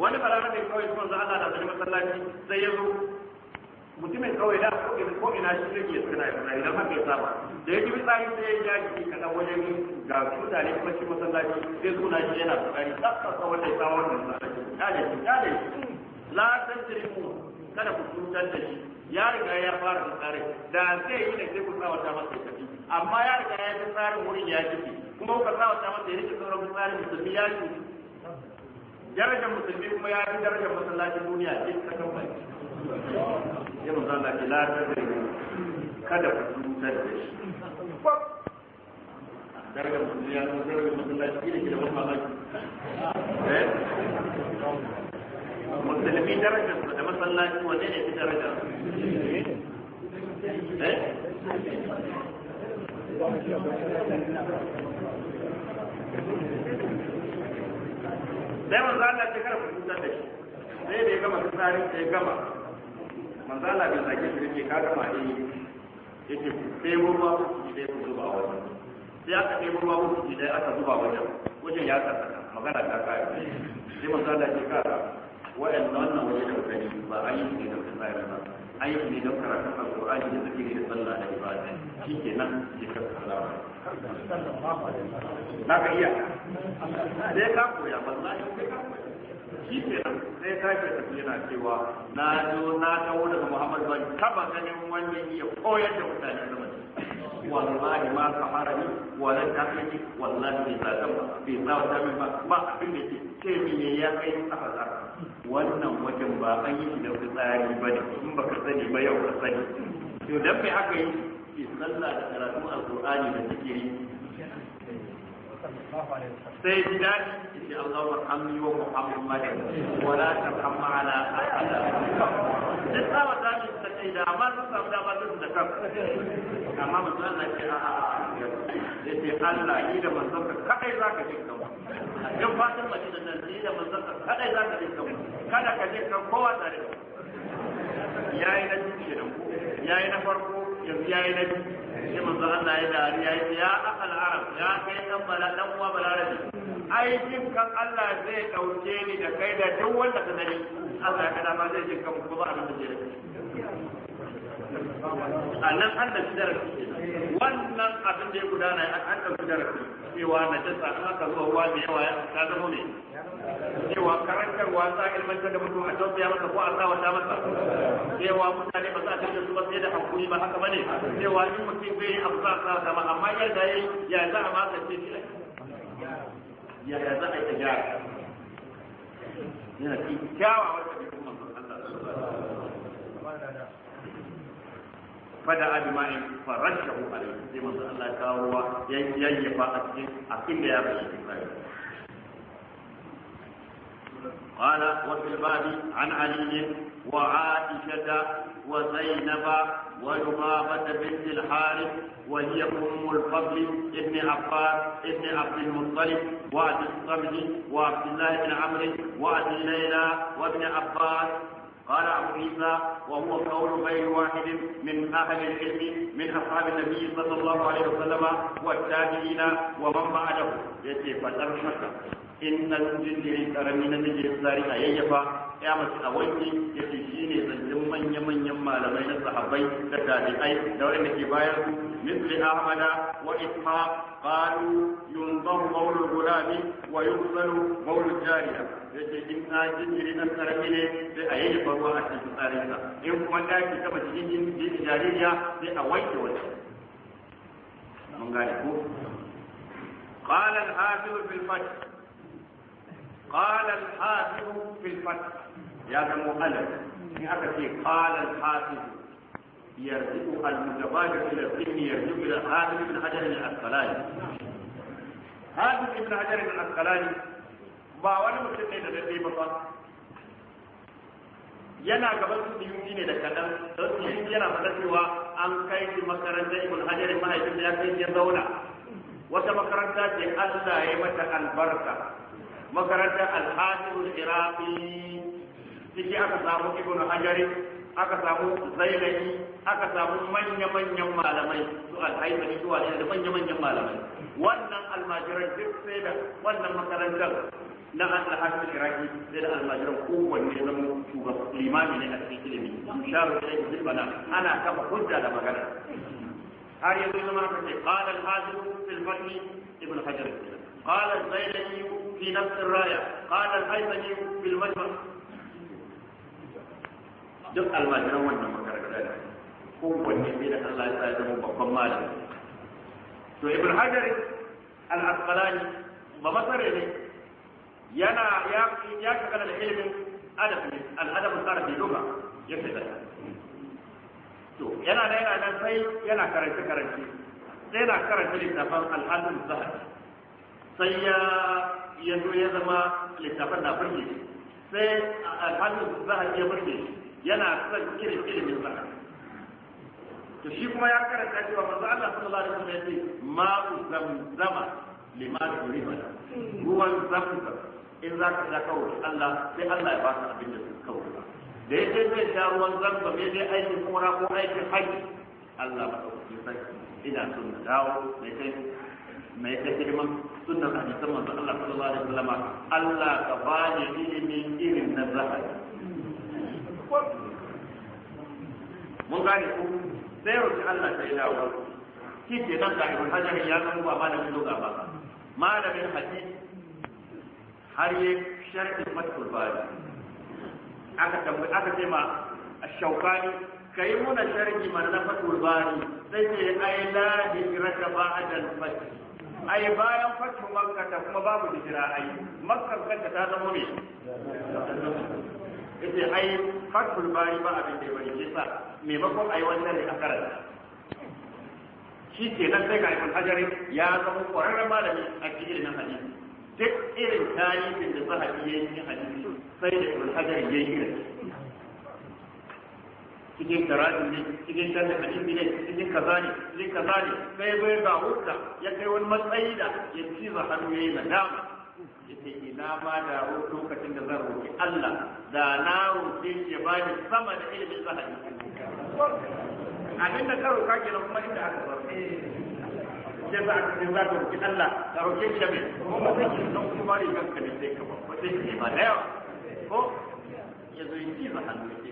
wani balama ne kawai kuma za Allah da masallaci sai ya zo mutumin kawai da ko ina shi ne ke tsira ya tsari haka ya saba da yake tsari sai ya ji kada wajen ga mutane kuma shi masallaci sai suna shi yana tsari tsaka tsawon da ya ya la tajrimu kada ku cutar da shi ya riga ya fara tsare da zai yi ne zai ku sa wata masa tafi amma ya riga ya fi tsarin wurin ya tafi kuma ku sa wata masa ya rike sauran tsarin musulmi ya ci darajar musulmi kuma ya fi darajar masallacin duniya ce ta kamfani ya mu zama ki la tajrimu kada ku cutar da shi darajar musulmi ya zama darajar masallaci ne ke da wani mamaki eh? musulmi darajar da masallaci wanne ne fi daraja eh? sai da shi sai eh. aka aka zuba wajen wajen ya magana ta sai manzo Allah kara waɗanda wannan wani kankani ba yi ne da kasari ba yi ne da a alƙur'ani da zikiri da sallah da ibada shi ke nan ke karkarawa na ka iya sai ka koya yau, sai ka koya shi ke nan sai ka ke tafi yana cewa na zo na tawo daga muhammad ban taba ganin wanda iya koyar da mutane zama wallahi ma ka harami walan ta kace wallahi bai ta ba bai zawata min ba ba abin da ke ce min ya kai aka tsara wannan wajen ba an yi shi da tsari ba ne in ba ka sani ba yau ka sani to dan me aka yi ki sallah da karatun alqur'ani da yi. sai ji daɗi ce Allah warhamni wa Muhammad wa la tarhamu ala ahadin da tsawa da ta kai da amma sun samu da ba da kan amma manzo Allah ce a yace Allah ni da manzo ka kadai zaka jin kan dan fatan madina nan ni da manzo ka kadai ka jin kan kada ka je kan kowa tare da yayi na cikin yayi na farko yanzu yayi na biyu sai manzo Allah ya dari ya ce ya akal arab ya kai dan bala dan uwa balarabi ai jin kan Allah zai dauke ni da kai da duk wanda ka sani Allah ya kada ma zai jin kan ku ba abin da zai a nan an da shi darasi wannan abin da ya gudana an ɗauki darasi cewa na jasa an aka zuwa ruwa da yawa ya zama ne cewa karantarwa za a ilmantar da mutum a tausaya masa ko a tsawata masa cewa mutane ba za a tafiya su ba sai da hankuri ba haka bane cewa in mutum zai yi abu za a tsawata ma amma yadda ya yi ya za a magance shi ya za a yi ta gyara yana fi kyawawan da bai kuma Allah فدعا بماء فرشه عليه sai manzo Allah ya kawo ruwa yayyafa a cikin abin da ya bashi Ibrahim قال وفي الباب عن علي وعائشة وزينب ويمامة بنت الحارث وهي أم الفضل ابن عباس ابن عبد المطلب وعبد الصمد وعبد الله بن عمرو وعبد ليلى وابن عباس قال أبو عيسى وهو قول غير واحد من أهل العلم من أصحاب النبي صلى الله عليه وسلم والتابعين ومن بعده يتي فتر مكة in na jinjiri karami na mijin tsari a yayyafa ya mace a wanki ya ce shi ne zancen manya-manyan malamai na sahabbai da tabi'ai da wanda ke bayan su misli ahmada wa isma qalu yunzaru qawl al-gulam wa yuzalu qawl al-jariya yace in na jinjiri na karami ne sai a yayyafa ruwa a cikin tsarinsa, in kuma daki ta mace da jariya sai a wanke wani. mun gane ko قال hafi في الفتح قال الحافظ في الفتح يا زمو ألف إن في قال الحافظ يرجع المتبادر إلى الذهن يرجع إلى حافظ بن حجر العسقلاني حافظ بن حجر العسقلاني ba wani mutum ne da daɗe ba ba yana gaban su yunji ne da kadan don su yi yana fata cewa an kai shi makarantar ibn hajar mahaifin da ya kai ya zauna wata makaranta ce Allah ya mata albarka makarantar al-hafiz al-iraqi ciki aka samu ibnu hajari aka samu zailani aka samu manya-manyan malamai su alhaifani zuwa ne da manya-manyan malamai wannan almajiran duk sai da wannan makarantar na alhaji iraki sai da almajiran kowanne zama shugaban limami ne a cikin ilimi sharu da yake zubana ana kafa hujja da magana har yanzu zama aka ce qala al-hafiz fil fath ibn hajar qala al-zailani في نفس الراية قال الهيثمي في المجمع duk almajiran wannan makaranta ne ko wanne ne da Allah ya sa zama babban malami to ibn hajar al-asqalani ba masare ne yana ya ya da ilimin adab ne al-adab al-arabi duka ya sai to yana da yana da sai yana karanta karanta sai yana karanta littafin al sai ya ya zo ya zama littafin na burge shi sai alhamdu zahar ya burge shi yana son irin ilimin zahar to shi kuma ya karanta cewa manzo Allah sallallahu alaihi wasallam ya ce ma'u zamzama lima turima ruwan zamzam in za ka sha kawai Allah sai Allah ya baka abin da kawai da ya ce zai sha ruwan zamzam ya je aikin kuma ko aikin haji Allah ba ta wuce ina son dawo da kai mai ta girman sunnar hadisan manzo Allah sallallahu alaihi wasallam Allah ka bani ilimi irin na zahari mun gane ku sai roki Allah ta yi dawo shi ke nan da Ibn Hajar ya zama ba ma da malamin doga ba Ma da malamin hadisi har yi sharhin matkul bari aka tambayi aka ce ma shaukani kai muna sharhi mana na fatul bari sai ce ai la hijrata ba'da al-fath ai bayan fatin makka ta kuma babu hijira ai makka kanta ta zama ne yace ai fatul bari ba abin da Me yasa ko ai wannan ne a shi ke nan sai ga ibn hajar ya zama ƙwararren malami a cikin nan hadisi duk irin tarihin da sahabi yayi hadisi sai da ibn hajar yayin irin cikin karatu ne cikin tsarin hadisi ne cikin kaza ne cikin kaza ne kai bai ga hudda ya kai wani matsayi da ya ci za hannu yayi nadama yace ina ma da lokacin da zan roki Allah da na roki ya bani sama da ilimin zahiri abin da ka roka kenan kuma inda aka bar sai za ka ce za ka roki Allah ka roke shi mai kuma sai ki san kuma rigar ka ne sai ka babba sai ki ba da yawa ko ya zo yi ci za hannu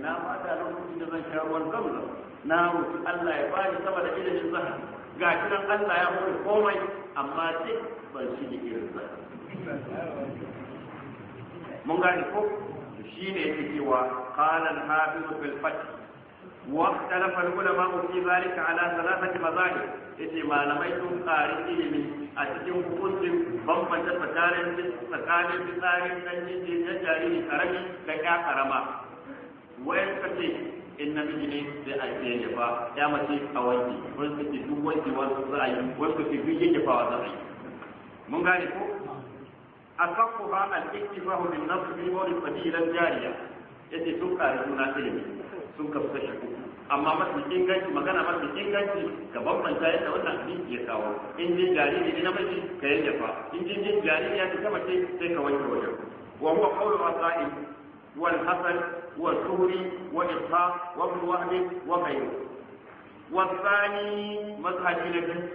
ina ma da lokacin da zan sha ruwan zamzam na roki Allah ya bani sama da ilimin zahar ga shi nan Allah ya hore komai amma sai ban shi da irin zahar mun gane ko shi ne yake cewa qala al-hafiz fil fath wa ikhtalafa al-ulama fi dhalika ala thalathati mazahib ce malamai sun ƙari ilimi a cikin hukuncin bambanta tsakanin tsakanin fitsarin dan jinjin ya jariri karami da ya karama wai suka ce in na miji ne sai a yi yanke fa a wanki wani suka ce duk wani za a yi wani suka ce duk yanke fa wani mun gane ko a a kiki ba hudu na su wani fadilan jariya ya ce sun ƙari suna ilimi sun kafu kashe ku amma mafi inganci magana mafi inganci ga babban ta yadda wannan abin ya kawo in ji jariri ne na mace ka yanke fa in ji jariri ya ce ta mace ka wanke wajen wa huwa qawlu wa sa'in والحسن والزهري وإسحاق وابن وهب وغيره والثاني مذهب الذي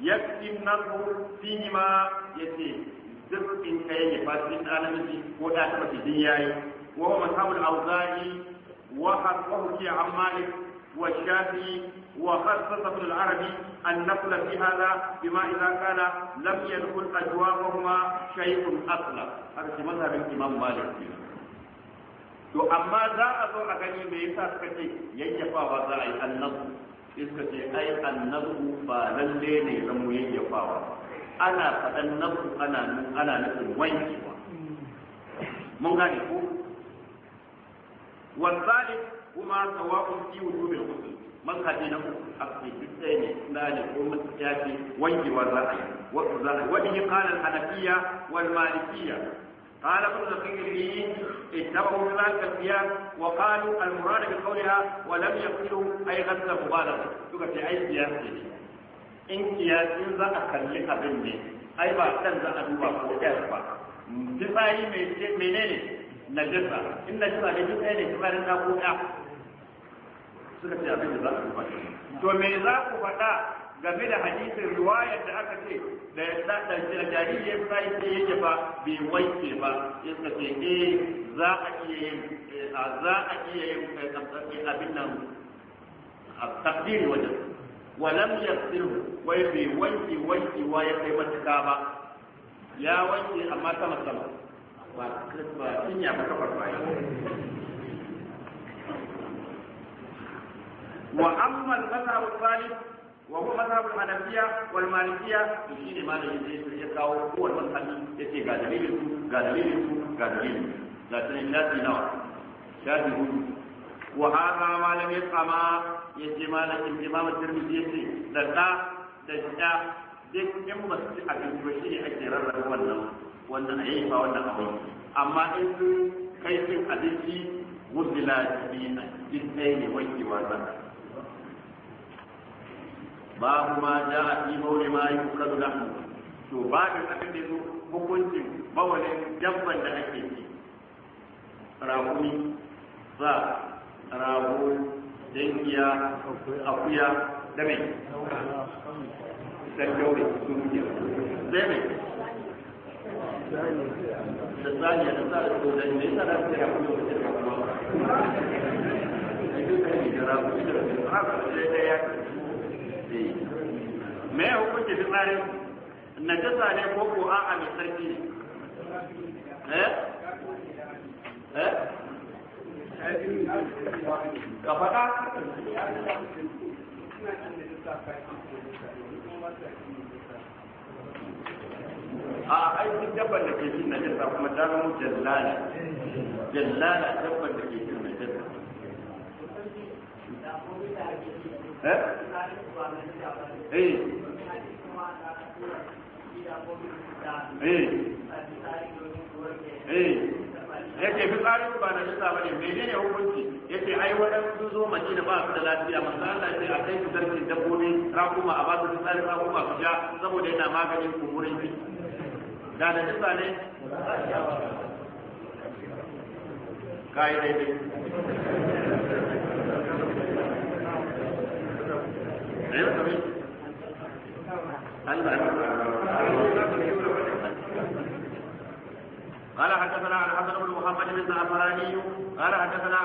يكفي النصر فيهما يسير duk in kai ya fasi da ko da ta mace din yayi wa huwa mazhabul awza'i wa an malik wa shafi wa khassasa bil arabi an nafla fi hada bima idza asla hada mazhabin imam malik to amma za a zo a gani me yasa suka ce ba za a yi annabu iska ce ai annabu ba lalle ne zan mu yayyafawa ana faɗan nabu ana ana nufin ba mun gane ko والثالث هما سواء في وجوب man manhaji na ku a duk ɗaya ne na ne ko mutum ya ce wankewa za a yi wasu za a yi wani yi kalan hanafiya wal malikiya قال ابن الخيري اتبعوا بذلك السياق وقالوا المراد بقولها ولم يقتلوا اي غزه مبالغه suka ce ai siyasi ne in siyasi za a kalli abin ne ai ba kan za a duba ko ɗaya ba fitsari mai menene najasa in najasa ne duk ɗaya ne fitsarin na ko ɗaya suka ce abin da za a duba to me za ku faɗa game da hadisin riwayar da aka ce da da jariri ya sai ce yake ba bai wanke ba ya ce eh za a iya yin eh, za a iya yin eh, eh, abin nan a tafsiri wajen walam yasiru wai bai wanke wanke wa ya kai matuka ba ya wanke amma sama sama ba ba sun ya ba kafar baya wa amma al-mazhab al-thalith wa huwa mazhabul hanafiya wal malikiya shi ne malamin da yake ya kawo kowanne mazhabi yace ga dalilin su ga dalilin su ga dalilin da tsanin shafi nawa shafi hudu wa haka malamin kama yace malamin imam tirmidhi yace da da da duk in ba su ci abinci ba shine ake rarraba wannan wannan ayi ba wannan abu amma in kai cin abinci wuzila bi a cikin ɗaya ne wankewa zaka babu ma a fi maure ma yi yukadu lahu to da abin da su hukuncin bawane dabban da ake ci rahuni za rahu dangiya akuya da mai dan daure su ne sai mai da zaniya da a da ne yana da kira kuma da kuma da ne me ya hukunci fitsarin najasa ne ko ko a'a mai sarki ne eh eh ka faɗa a aikin dabbar da ke cin najasa kuma ta zama jallala jallala dabbar da ke cin najasa Eh? Eh. Eh. yake fitsarin ba na shisa ne menene hukunci yake ai waɗansu sun zo madina ba su da lafiya manzo Allah ce a kai su zarkin dabbobi rakuma a ba su fitsarin rakuma su sha saboda yana maganin kumburin ki da da shisa ne kai daidai قال حدثنا عن حسن بن محمد بن الزعفراني قال حدثنا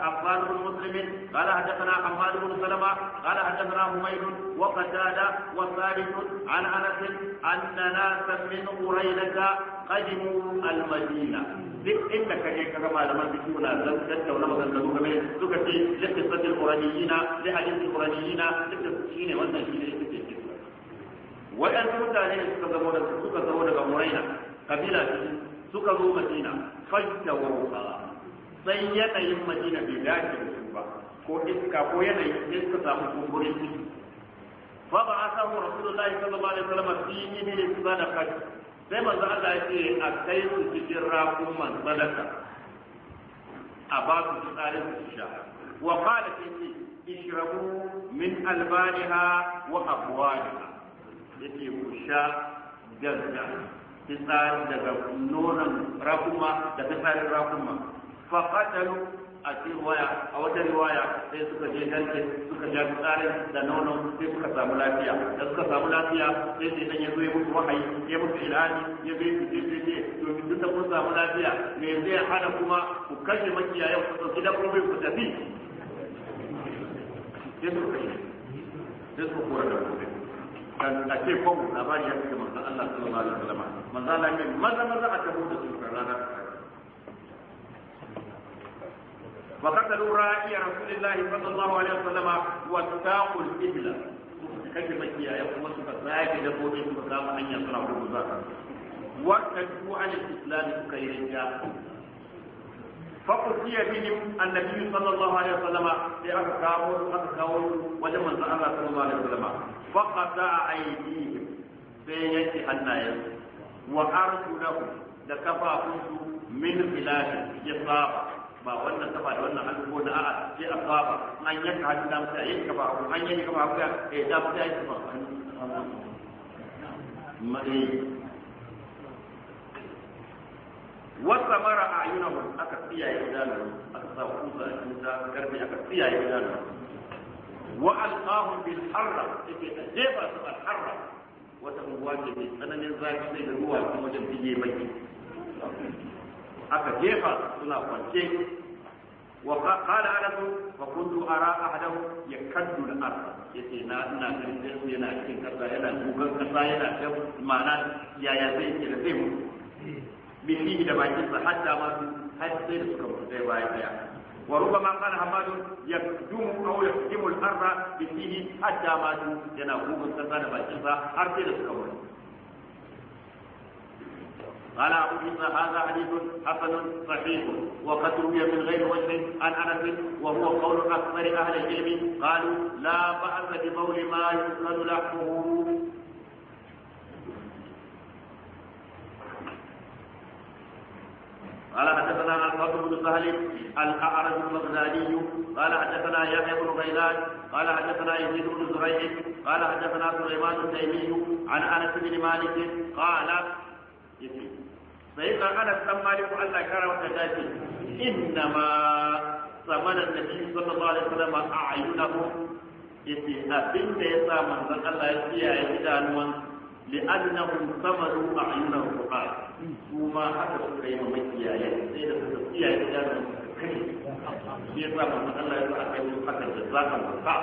عفان بن مسلم قال حدثنا حماد بن سلمه قال حدثنا حميد وقتاده وثابت عن انس ان ناسا من قرينه قدموا المدينه duk inda ka je kaga malaman fiqh na zan tattauna maganganu game da suka ce littafatul quraniyina li hadithul quraniyina littafatul shine wannan shine yake ce waɗansu mutane ne suka zama da suka zama daga Muraina kabila ce suka zo Madina fajta wa sai yanayin Madina bai dace da su ba ko iska ko yanayi sai suka samu kumburin ciki fa ba asahu rasulullahi sallallahu alaihi wasallam fi yini sadaqati sai manzo Allah ya ce a kai su cikin man sadaka a ba su su tsarin su sha wa qala fi ishrabu min albaniha wa abwaniha yake ku sha ganga fitsarin daga nonon rakuma da fitsarin rakuma فقتلوا waya a wata riwaya sai suka je dalke suka ja tsarin da nono sai suka samu lafiya da suka samu lafiya sai sai dan yazo ya mutu wahayi ya musu ilhani ya bai su je je to duk da kun samu lafiya me zai hada kuma ku kashe makiyayan ku dauki da kuma ku tafi sai su yi sai suka kora da kuma dan da ke kwamu labari ya fi manzan Allah sallallahu alaihi wasallam manzan Allah ne maza maza a tabo da su ranar وقتلوا راعي رسول الله صلى الله عليه وسلم واتقوا الإبل kake makiya ya kuma suka zage da gobe suka kama hanya suna hudu za ka wata ku an islam suka yi rinja fa qutiya bihim annabi sallallahu alaihi wasallam sai aka kawo aka kawo wajen manzo Allah sallallahu alaihi wasallam fa qata aydihim sai yake hannayen wa arjulahu da kafafunsu min khilaf jisaba ba wannan kafa da wannan hannu ko na a'a sai a saba an yanka hannu da mutum yayin kafa ko an yanka kafa ko eh da mutum yayin kafa mai eh. wata mara a yi nawa aka tsiyaye gudanar aka sa kusa aka tsiyaye gudanar wa alqahu bil harra yake jefa su al harra wata ruwa ce mai tsananin zafi sai da ruwa kuma wajen baki aka jefa suna kwance wa qala anasu fa kuntu ara ahadahu yakaddu al-ard yace na ina ganin jinsu yana cikin kasa yana dukan kasa yana ta ma'ana yaya zai ke da zai mutu bihi da bakin sa hatta ma har sai da suka mutu sai bayan daya wa rubama qala hamad yakdumu aw yakdimu al-ard bihi hatta ma yana dukan kasa da bakin sa har sai da suka mutu قال أبو عيسى هذا حديث حسن صحيح وقد روي من غير وجه عن أنس وهو قول أكثر أهل العلم قالوا لا بأس بقول ما يسند لحمه قال حدثنا الفضل بن سهل الاعرج البغدادي قال حدثنا يحيى بن غيلان قال حدثنا يزيد بن زريع قال حدثنا سليمان التيمي عن انس بن مالك قال يزيد sai na ana san maliku Allah kara wata dace inna ma zamanan nabi sallallahu alaihi wasallam a'yunahu yace abin da ya sa manzon Allah ya kiyaye idanuwan li annahu samaru a'yunahum qala kuma haka su kai ma makiyaye sai da su kiyaye idanuwan kai sai ya sa manzon Allah ya sa aka yi haka da zakan ba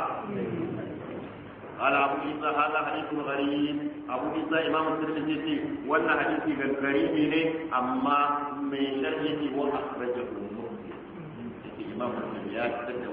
قال أبو عيسى هذا حديث غريب أبو عيسى إمام الترمذي وأن حديث غريب ليه أما من شرحه وأخرجه الإمام الترمذي يا كتب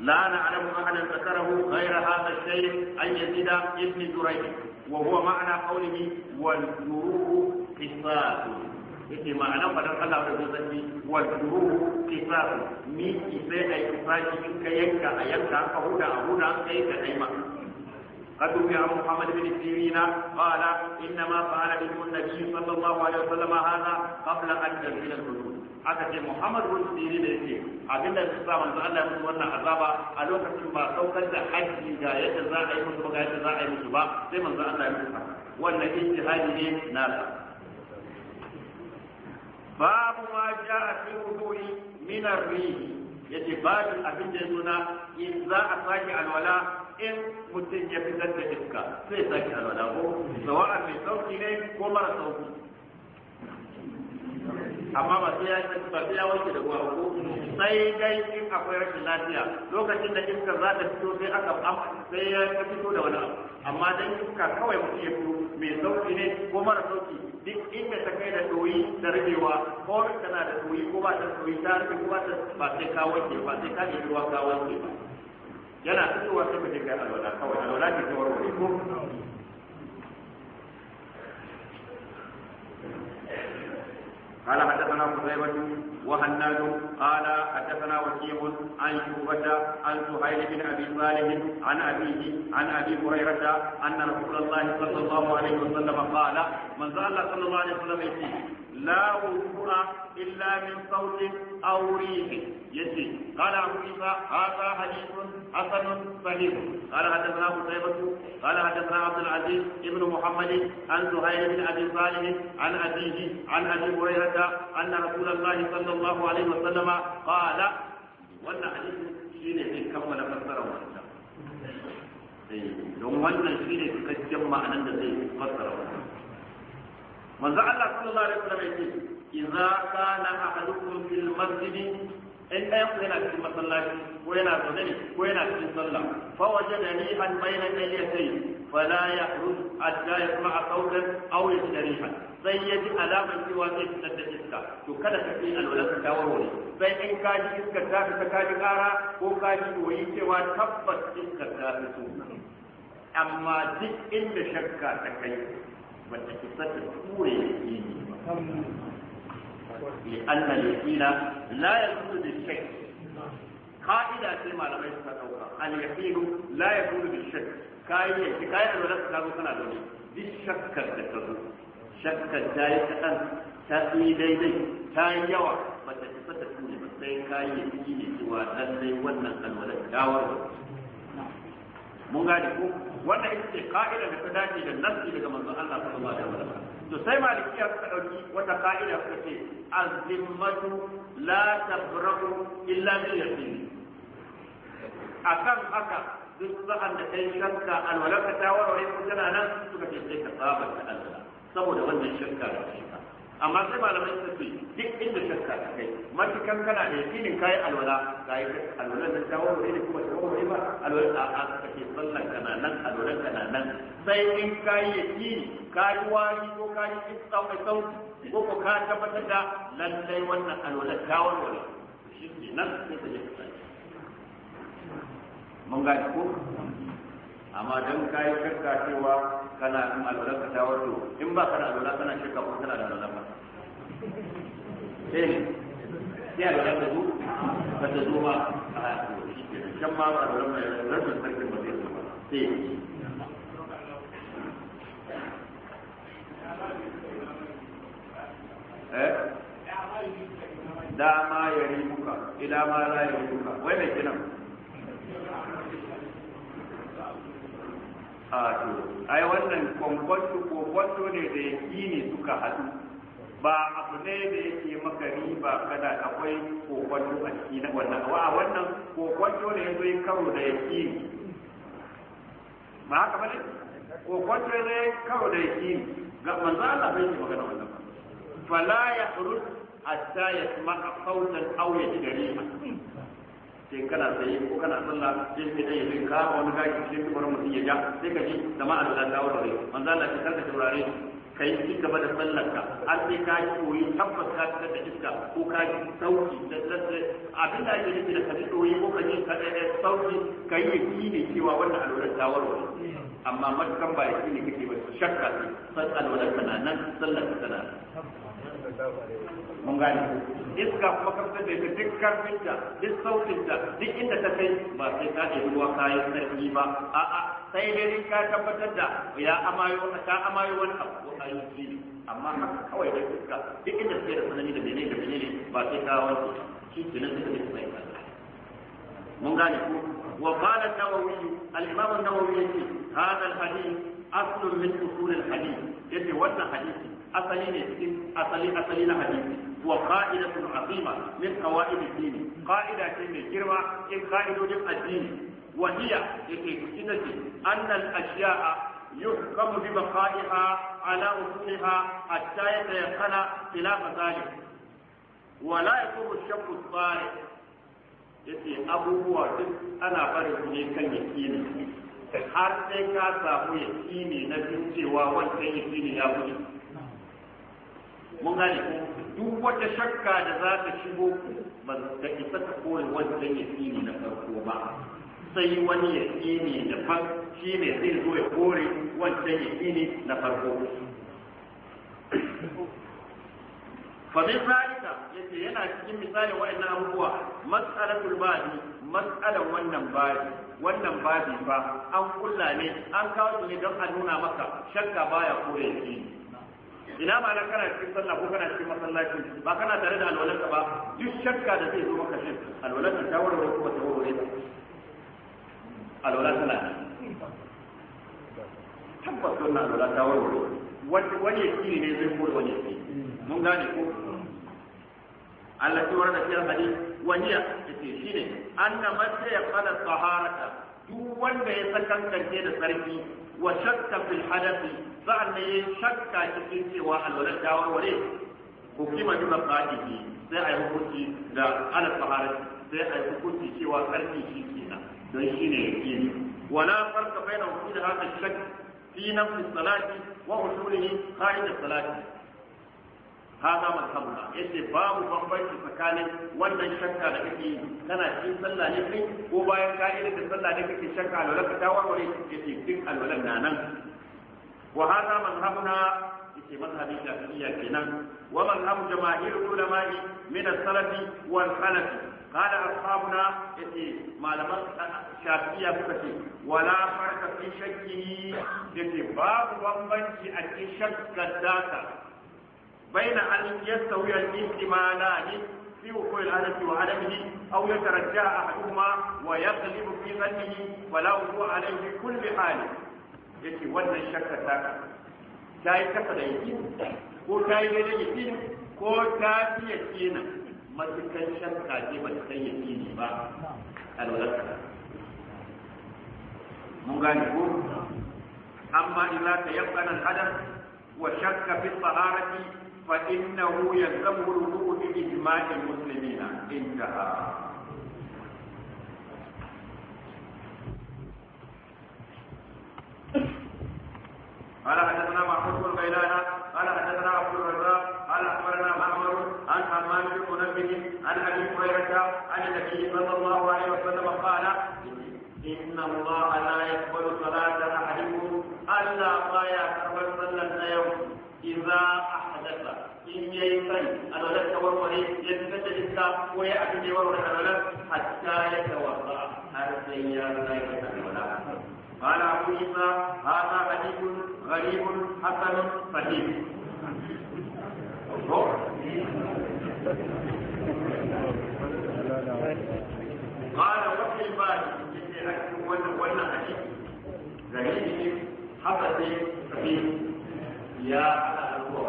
لا نعلم أحدا ذكره غير هذا الشيء أن يزيد ابن جريج وهو معنى قوله والجروح قصاص yake ma'anar fadar Allah da zanni wa duru kitabu ni sai ai kitabu kin ka yanka a yanka ka huda a huda kai ka dai ma قد روي عن محمد بن سيرين قال انما فعل به النبي صلى الله عليه وسلم qabla an ان al aka ce Muhammad bin Sirina yake abinda ya sa manzo Allah ya wannan azaba a lokacin ba saukar da haji ga yadda za a yi musu ba ga yadda za a yi musu ba sai manzo Allah ya musu wannan ijtihadi ne na babu ma a fi wudu'i min ar-rih yace babu abin da ya na in za a sake alwala in mutum ya fitar da iska sai sake alwala ko a mai sauki ne ko mara sauki amma ba sai ya ba sai ya wanke da ruwa ko sai dai in akwai rashin lafiya lokacin da iska za ta fito sai aka sai ya fito da wani amma dan iska kawai mutum ya fito mai sauki ne ko mara sauki duk inda ta kai da doyi da rabewa ko tana da doyi ko ba ta doyi ta rufe ko ba ta ba sai ka wanke ba sai ka yi ruwa ka wanke ba yana fitowa sai ka je alwala kawai alwala ke warware ko قال حدثنا قتيبة وهناد قال حدثنا وكيع عن شعبة عن سهيل بن أبي صالح عن أبيه عن أبي هريرة أن رسول الله صلى الله عليه وسلم قال من زال صلى الله عليه وسلم لا وضوء إلا من صوت أو ريح يسي قال أبو عيسى هذا حديث حسن صحيح قال حدثنا قتيبة قال حدثنا عبد العزيز بن محمد عن زهير بن أبي صالح عن أبيه عن أبي هريرة أن رسول الله صلى الله عليه وسلم قال ولا حديث شيء كمل فسره don wannan shi ne cikakken ma'anar da zai fassara wannan manzo Allah sallallahu alaihi wasallam yake idza kana ahadukum fil masjid in ay yana cikin masallaci ko yana zaune ne ko yana cikin sallah fa wajada ni an bayna ayyatay fala yahruj hatta yasma'a sawtan aw yashtariha sai ya ji alamar cewa zai fitar da iska to kada ka yi alwala ka dawo sai in ka ji iska ta ka ka ji ƙara ko ka ji doyi cewa tabbas iska ta fito amma duk inda shakka ta kai wata kisa ta ture yaqini li anna yaqina la yakunu bi shakk ka'ida sai malamai suka ɗauka, al yaqinu la yakunu bi shakk kai yake kai da wala ka zo kana da ni bi shakkar da ka zo shakkar ta yi kaɗan, ta yi daidai ta yi yawa ba ta kisa ta ture ba sai kai yake ne cewa lallai wannan alwala dawar mun gane ko wannan ita ce ka'ida da ta dace da nasi daga manzon Allah sallallahu alaihi wasallam to sai ya ka dauki wata ka'ida suka ce azimatu la tabrahu illa bi yaqin akan haka duk sa'an da kai shakka alwalaka ta wa ko tana nan suka ce sai ka tsaba Allah saboda wannan shakka da shi amma sai ba da mai ce duk inda shakka ta kai mafi kankana da yakinin kayan alwala ga yi alwala da shawo wuri ne kuma shawo wuri ba alwala da a suka ke sallan kana nan alwala kana nan sai in kayi yakini kayi wari ko kayi tsau mai sauki ko ko ka tabbatar da lallai wannan alwala ta wuri shi ne nan sai ta mun gane ko amma dan kai shakka cewa kana in alwala ka ta wato in ba kana alwala kana shakka ko kana da alwala ba eh sai alwala ta zo ba ta zo ba a ah, kan ma ba alwala mai rashin sarkin ba zai zo ba sai eh? dama ya ribuka ila ma la ya ribuka wai mai kinan a to ai wannan kwankwanto kwankwanto ne da yaki ne suka haɗu ba abu ne da yake maka riba kada akwai kokwanto a ciki na wannan wa wannan kokwanto ne yanzu yin karo da yaki ba haka bane kokwanto ne karo da yaki ga manzo Allah bai yi magana wannan ba fala ya hurud hatta yasma'a sautan aw yajriha sai kana tsaye ko kana sallah sai sai dai yin ka wani gashi sai ka mutum ya ja sai ka ji jama'a da Allah ta warware manzo Allah ka karka turare kai ci gaba da sallarka har sai ka yi koyi tabbas ka ta da iska ko ka ji sauki da lalle abin da ake da ka koyi ko ka ji eh, eh, sauki ka yi yaki ne cewa wannan alwala ta warware amma matukan ba yaki ne kake ba shakka sai sallar alwala kana nan sallar kana mun gane iska kuma karfin da ita duk karfin da duk sautin da duk inda ta kai ba sai ta ɗaya ruwa kayan sarki ba a'a sai dai ka tabbatar da ya amayo ta amayo wani abu ayyuki amma haka kawai da iska duk inda take da sanani da menene da menene ba sai ka wanke shi tunan suka ne kuma ya mun gane ko وقال النووي الإمام النووي al الحديث aslun min usulil hadith wannan hadisi asali ne cikin asali na hadisi wa qa'idatun azima min qawaid ad-din qa'ida mai girma in qa'idodin addini wa hiya yace cikin ce annal ashiya'a يحكم ببقائها على أصولها حتى يتيقن خلاف ذلك ولا يكون الشك الصالح يتي أبوه أنا فرق من كان يكيني har sai ka samu ya yakini na bin cewa wancan yakini ya gudu mun gane duk wata shakka da za ta shigo ba ka isa ka kore wancan yakini na farko ba sai wani ya yakini da fa shi ne zai zo ya kore wancan yakini na farko Fa فمن ذلك yace yana cikin misali wa'annan abubuwa mas'alatul badi mas'alan wannan badi wannan babi ba an kulla ne an kawo su ne don a nuna maka shakka baya kore shi ina ba na kana cikin sallah ko kana cikin masallaci ba kana tare da alwalanka ba duk shakka da zai zo maka shi alwalanka ta warware kuma ta warware ta alwala tana tabbas wannan alwala ta warware wani wani ne zai kore wani mun gane ko Allah ya warda cikin hadisi wahiya yace shine anna man yaqala saharata. duk wanda ya sakankance da sarki wa shakka fil hadathi sa'an ne ya shakka cikin cewa alwala ta warware hukuma duka qadihi sai a yi hukunci da ala saharata, sai a yi hukunci cewa sarki shi kenan don shine yake wala farka bainahu fi hadha shakk fi nafsi salati wa usulihi kharij salati hada mazhabuna yace babu bambanci tsakanin wannan shakka da kake yi kana cikin sallah ne kai ko bayan ka yi da sallah ne kake shakka alwala ka ta warware yace duk alwalan na nan wa hada mazhabuna yace mazhabin shafi'iyya kenan wa jama'ir min as-salafi wal قال أصحابنا يتي ما لم شافية بكتي ولا فرق في شكه يتي باب ومن a cikin شك الداتا بين أن يستوي الاحتمالان في وقوع الهدف وعدمه أو يترجى أحدهما ويغلب في ظنه فلا وقوع عليه في كل حال yake wannan shakka taka ta yi kasa da yake ko ta yi da yake ko ta fi yake na matukan shakka ce ba ta san yake ne ba alwalarka mun gane ko amma illa ta yabbana hadar wa shakka fi taharati فإنه يلزم الوضوء بإجماع المسلمين انتهى قال حدثنا محمود بن غيلان قال حدثنا عبد الرزاق قال اخبرنا معمر عن حمام بن منبه عن ابي هريره عن النبي صلى الله عليه وسلم قال ان الله لا يقبل صلاه احدكم الا ما يقبل صلاه يوم اذا احدث in ya yi sani alwalar ta warware ya fi fata iska ko ya abin da ya warware alwalar hatta ya tawarza har sai ya zai da alwala قال أبو عيسى هذا حديث غريب حسن صحيح قال وفي الباب ولا حديث غريب حسن صحيح يا على الروح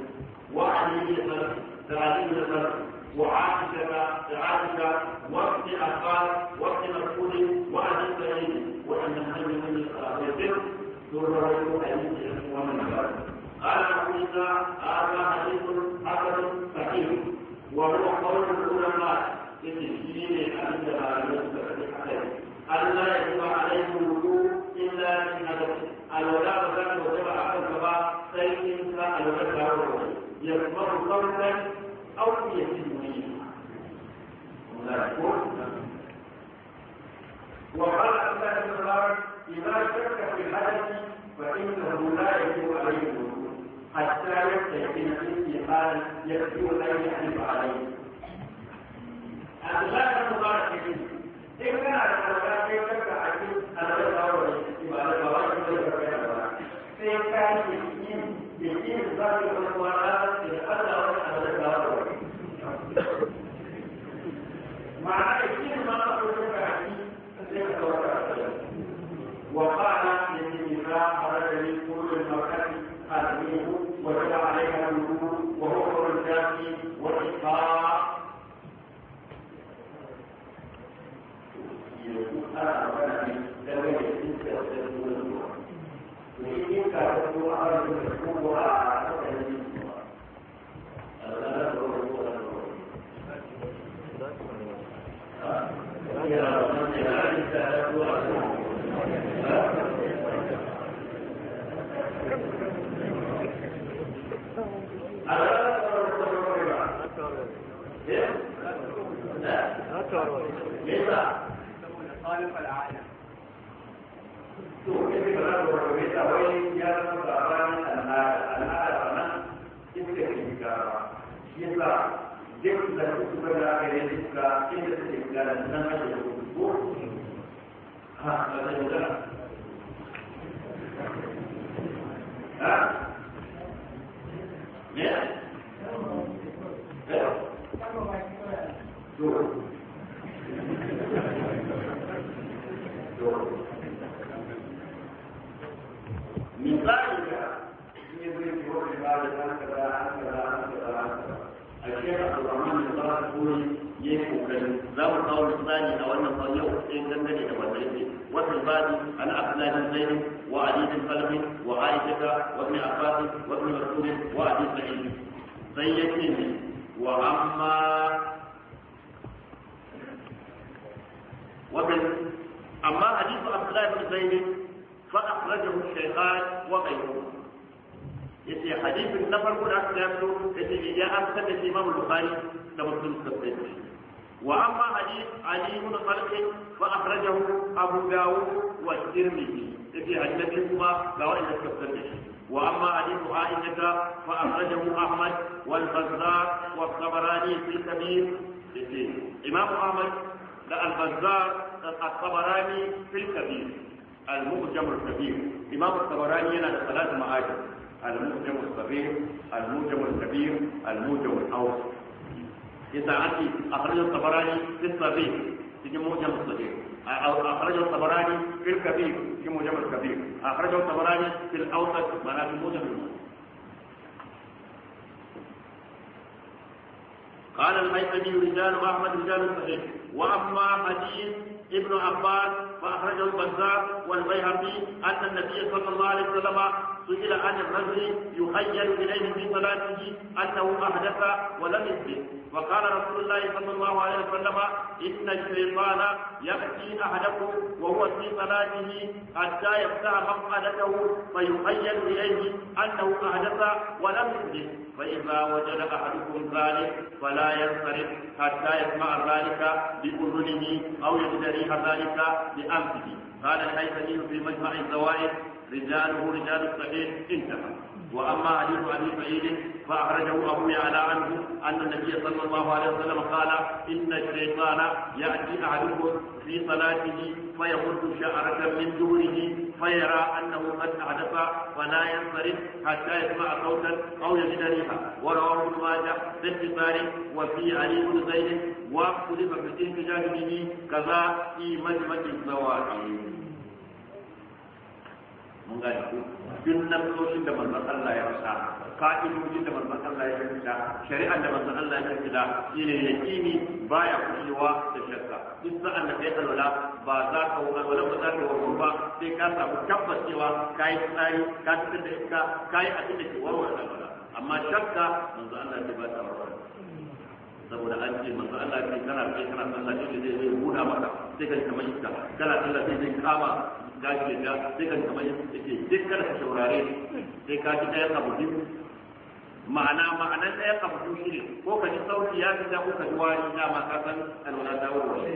وعلي الفرق لعلي الفرق وعائشة لعائشة وقت أخار وقت مسؤول وعلي سعيد وأن محمد بن الفرق يروي حديث ومن بعد قال عيسى هذا حديث حسن صحيح وهو قول العلماء Gracias. misali da ne zai yi wani ba da ta kaza an kaza da kaza da, kaza a shekara alhamman da ba su koyi ya yi kokari za mu kawo misali a wannan fa yau sai dangane da wannan yake wasu ibadi an aflanin zaini wa alibin falmi wa aishata wa ibn abbas wa ibn mas'ud wa abi sa'id sai yake ne wa amma ومن أما حديث عبد الله بن زيد فأخرجه الشيخان وغيرهما yace hadisin na farko da aka yafto yace ya amsa da Imam Bukhari da Muslim wa amma hadith Ali ibn Khalq fa akhrajahu Abu Dawud wa Tirmidhi yace hadisi kuma ga wanda suka fitar shi wa amma Ahmad Ahmad البزار الطبراني في الكبير المعجم الكبير إمام الطبراني هنا ثلاث معاجم المعجم الصغير المعجم الكبير المعجم الأوسط إذا أنت أخرج الطبراني في الصغير في المعجم الصغير أخرجه الطبراني في الكبير في معجم الكبير أخرجه الطبراني في الأوسط معناه في الأوسط قال الميسمي رجال أحمد رجال صحيح واما حديث ابن عباس فاخرجه البزار والبيهقي ان النبي صلى الله عليه وسلم سئل عن الرجل يخيل إليه في صلاته أنه أحدث ولم يثبت وقال رسول الله صلى الله عليه وسلم إن الشيطان يأتي أحدكم وهو في صلاته حتى يفتح مقعدته فيخيل إليه أنه أحدث ولم يثبت فإذا وجد أحدكم ذلك فلا ينصرف حتى يسمع ذلك بأذنه أو يجد ريح ذلك بأنفه قال الحيثمي في مجمع الزوائد رجاله رجال الصحيح انتهى واما حديث ابي سعيد فاخرجه ابو يعلى عنه ان النبي صلى الله عليه وسلم قال ان الشيطان ياتي احدكم في صلاته فيمد شعره من دونه فيرى انه قد احدث فلا ينصرف حتى يسمع صوتا او يجد ريحا ورواه ابن ماجه باتصال وفي علي بن زيد واختلف في تلك جانبه كذا في مجمع الزواج mun gane ku duk nasoshin da manzon Allah ya rasa ka'idojin da manzon Allah ya rubuta shari'ar da manzon Allah ya rubuta shine yaqini baya kushewa da shakka duk sa'an da kai alwala ba za ka wani wala ba za ka wani ba sai ka samu tabbas cewa kai tsari ka tsira da iska kai abin da ke warware alwala amma shakka manzon Allah ya ba ta warware saboda an ce manzo Allah ya kana kai kana sallah shi zai zai buda maka sai ka kamar iska kana sallah sai zai kama gashi da sai ka kamar yadda ce duk kada ka saurare sai ka ji ɗayan ma'ana ɗayan shi ko ka ji sauki ya fi ko ka ji na ma ka san alwala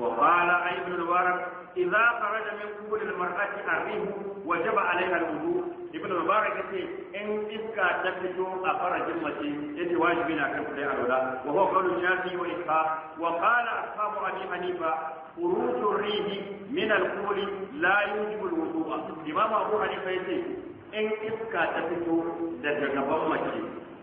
وقال ابن المبارك إذا خرج من قبول المرأة أريه وجب عليها الوضوء ابن مبارك يقول ان اسكا تفتو افرج جمتي يجي واجب لا كف الولاء وهو قول الشافعي واسحاق وقال اصحاب ابي حنيفه خروج الريح من القول لا يوجب الوضوء امام ابو حنيفه يقول ان اسكا تفتو دجا daga gaban mace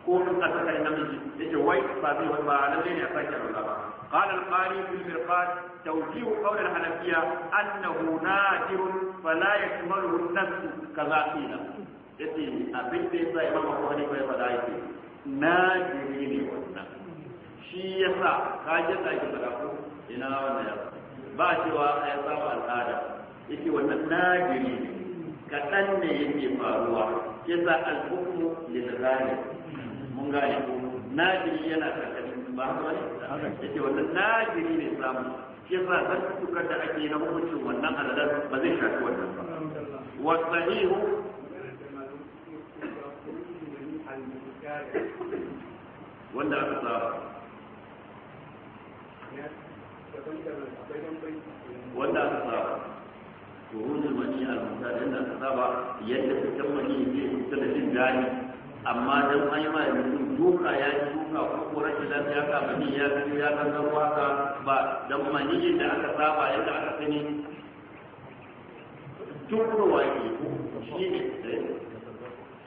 ko يجي ƙasa kai namiji وما wai ba zai قال القاري في المرقات توجيه قول الحنفية أنه نادر فلا يشمله النفس كذا قيل yace abin da yasa imam Abu Hanifa ya faɗa yake nadiri ne wannan shi yasa ka ji da ake faɗa ko ina wannan ya ba cewa ya samu al'ada yake wannan nadiri ne kaɗan ne yake faruwa yasa al-hukmu lil ghalib mun gane ko nadiri yana karkashin ba haka ne yake wannan najiri ne samu shi yasa san tukar da ake na hukuncin wannan aladar ba zai shafi wannan ba wa sahihu wanda aka wanda aka saba to hujjar mani al-mutar yadda aka saba yadda fitan mani zai fita da jin daɗi amma dan an yi mai mutum duka ya yi duka ko ko rashin lafiya ka mani ya gani ya kan zama haka ba dan mani maniyin da aka saba ya da aka sani tukurwa ke ko shi ne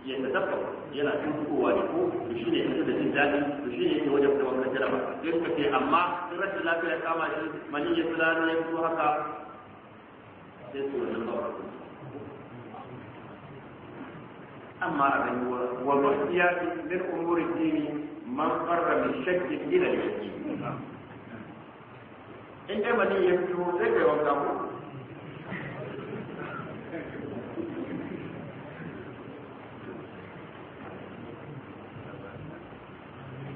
ya tattafa yana tukurwa ne ko shi ne yake da jin dadi shi ne yake wajen fita wannan ba sai ka ce amma rashin lafiya kama shi mani ya fulani ya fito haka sai to wannan ba ku أما الرأي والاحتياط من أمور الدين من قرر من شك إلى اليقين إن لي يبدو زي وقته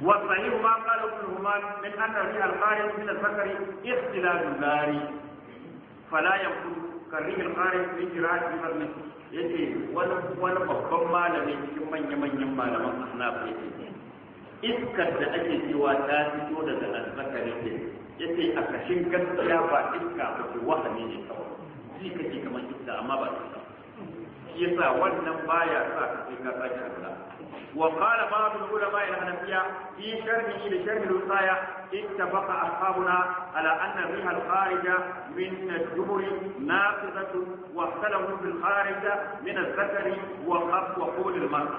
والصحيح ما قال ابن همام من أن الريح الخارج من الفكر اختلال الباري فلا يكون كالريح الخارج من قراءة المسجد yace wani wani babban malami cikin manya-manyan malaman ahnaf yace iskar da ake cewa ta fito daga ne yake yace a kashin gaskiya ba iska ba ce wahani ne kawai shi kake kamar iska amma ba ta shi yasa wannan baya sa ka sai ka وقال بعض العلماء الحنفية في شرحه لشرح الوقاية اتفق أصحابنا على أن الريح الخارجة من الجمر ناقصة واختلفوا في الخارجة من الذكر وقف وحول المرأة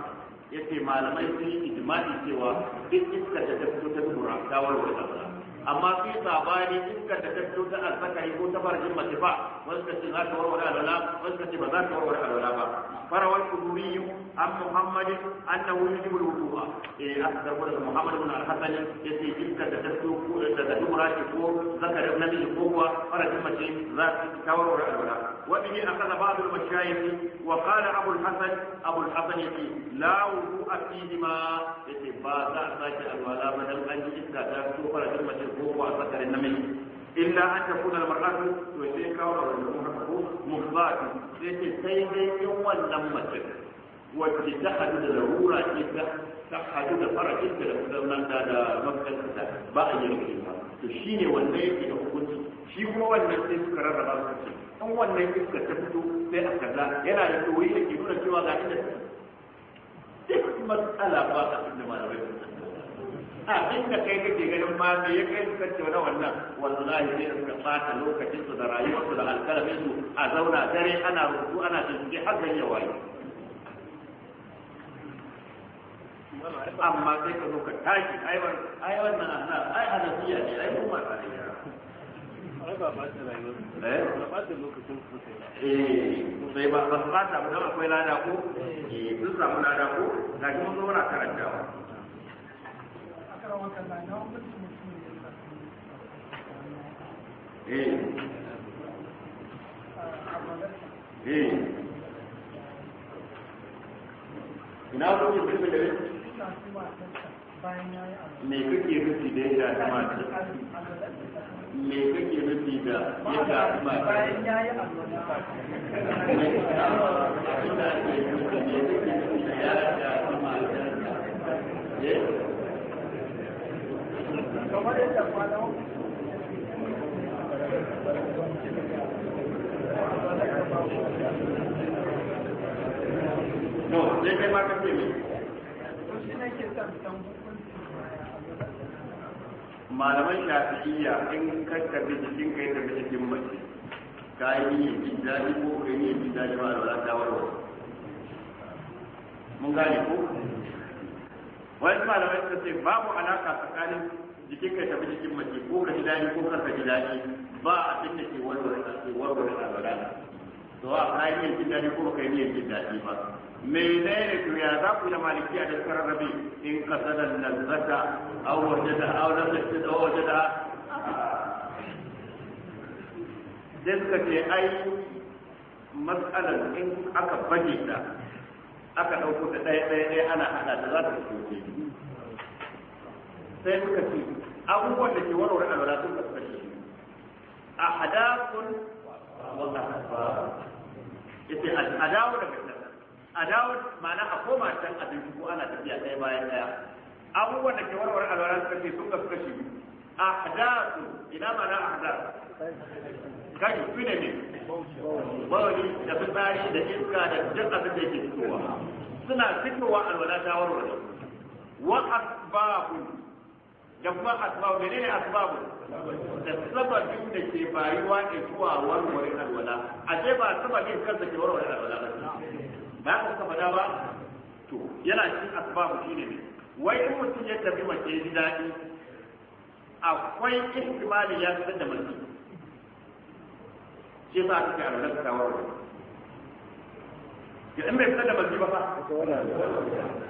يا سيدي ما لم ijma'i cewa duk iskar da ta fito ta amma fi sabani in ka da tattu ta alzakari ko ta farjin mace ba wani ka ce za ka warware alwala wani ka ce ba za ka warware alwala ba farawar kuduriyu an muhammad annahu yujibu alwudu'a eh aka karbo daga muhammad ibn al-hasan yace in ka da tattu ko daga dubura ce ko zakari na miji ko kuwa farjin mace za ta warware alwala wa bihi akaza ba'd al-mashayikh wa qala abu al-hasan abu al-hasan yace la wudu'a fihi ma yace ba za a sake alwala ba dan an ji iska ta ko farjin mace ko ba na namiji illa an ta kuna mar'atu to sai kawo rubutun haka ko mufati sai ce sai ta da larura ce ta ta da da kudan da da ba a to shine wanda yake da hukunci shi kuma wannan sai suka rarraba su ce in wannan iska ta fito sai a kaza yana da tsoyi da ke nuna cewa ga inda duk matsala ba a cikin da abin kai kake ganin ma me ya kai suka ce na wannan wallahi sai suka bata lokacin su da rayuwarsu da alkalamin su a zauna dare ana rubutu ana bincike har gari yawa yi amma sai ka zo ka tashi ai ai wannan ana ai hanafiya ne ai kuma ai ba eh? eh, ba ba su eh ba ba ta mu akwai lada ko eh. sun samu lada ko ga kuma zo na karantawa Eh. Eh. ina zo ne kuma da me kake nufi da ya shafi mata me kake nufi da ya shafi mata bayan ya yi alwala me kake nufi da ya shafi mata eh. malaman shafi'iyya in kanta bi cikin kai da cikin mace ka yi ne bi ko ka yi ne bi daɗi ba da ta warwa mun gane ko wani malamai suka ce babu alaka tsakanin jikin ka tafi jikin mace ko ka ji daɗi ko ka ji daɗi ba abin da ke warware ke warware alwala to a kai ne jin daɗi ko kai ne jin daɗi ba menene to ya za ku da malikiya da karrabi in kasadan lazzata aw wajada aw lazzata aw wajada sai suka ce ai matsalar in aka baje ta aka ɗauko ta ɗaya ɗaya ɗaya ana haɗa ta za ta fito sai muka ce abubuwan da ke wani alwala sun a hadafun wa a koma can ko ana tafiya ɗaya bayan ɗaya abubuwan da ke warware alwala sun sun kasu da fitsari suna fitowa alwala ta wa asbabun da kuma asbabu menene asbabu da sababin da ke bayuwa ne zuwa warware alwala a ce ba sababin kansa ke warware alwala ba ba ka saba da ba to yana cikin asbabu shine ne wai in mutum ya tafi mace ji daɗi akwai ihtimali ya san da mutum ce ba ka ga alwala ta warware ya in bai san da mutum ba fa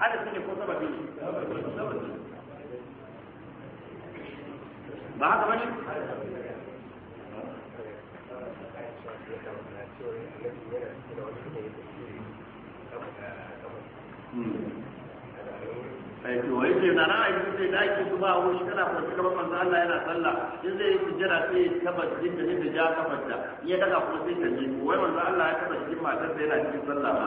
hadasin ne ko sababi ba haka ba aiki hmm. eh, wai ke na ra'a yi sai da ake zuba a wuce kana kwanci gaban manzo Allah yana sallah in zai yi sujjada sai ya taba jikin da yadda ja kafarta in ya daga kuma sai ta ne wai manzo Allah ya taba jikin matar sai yana cikin sallah ba.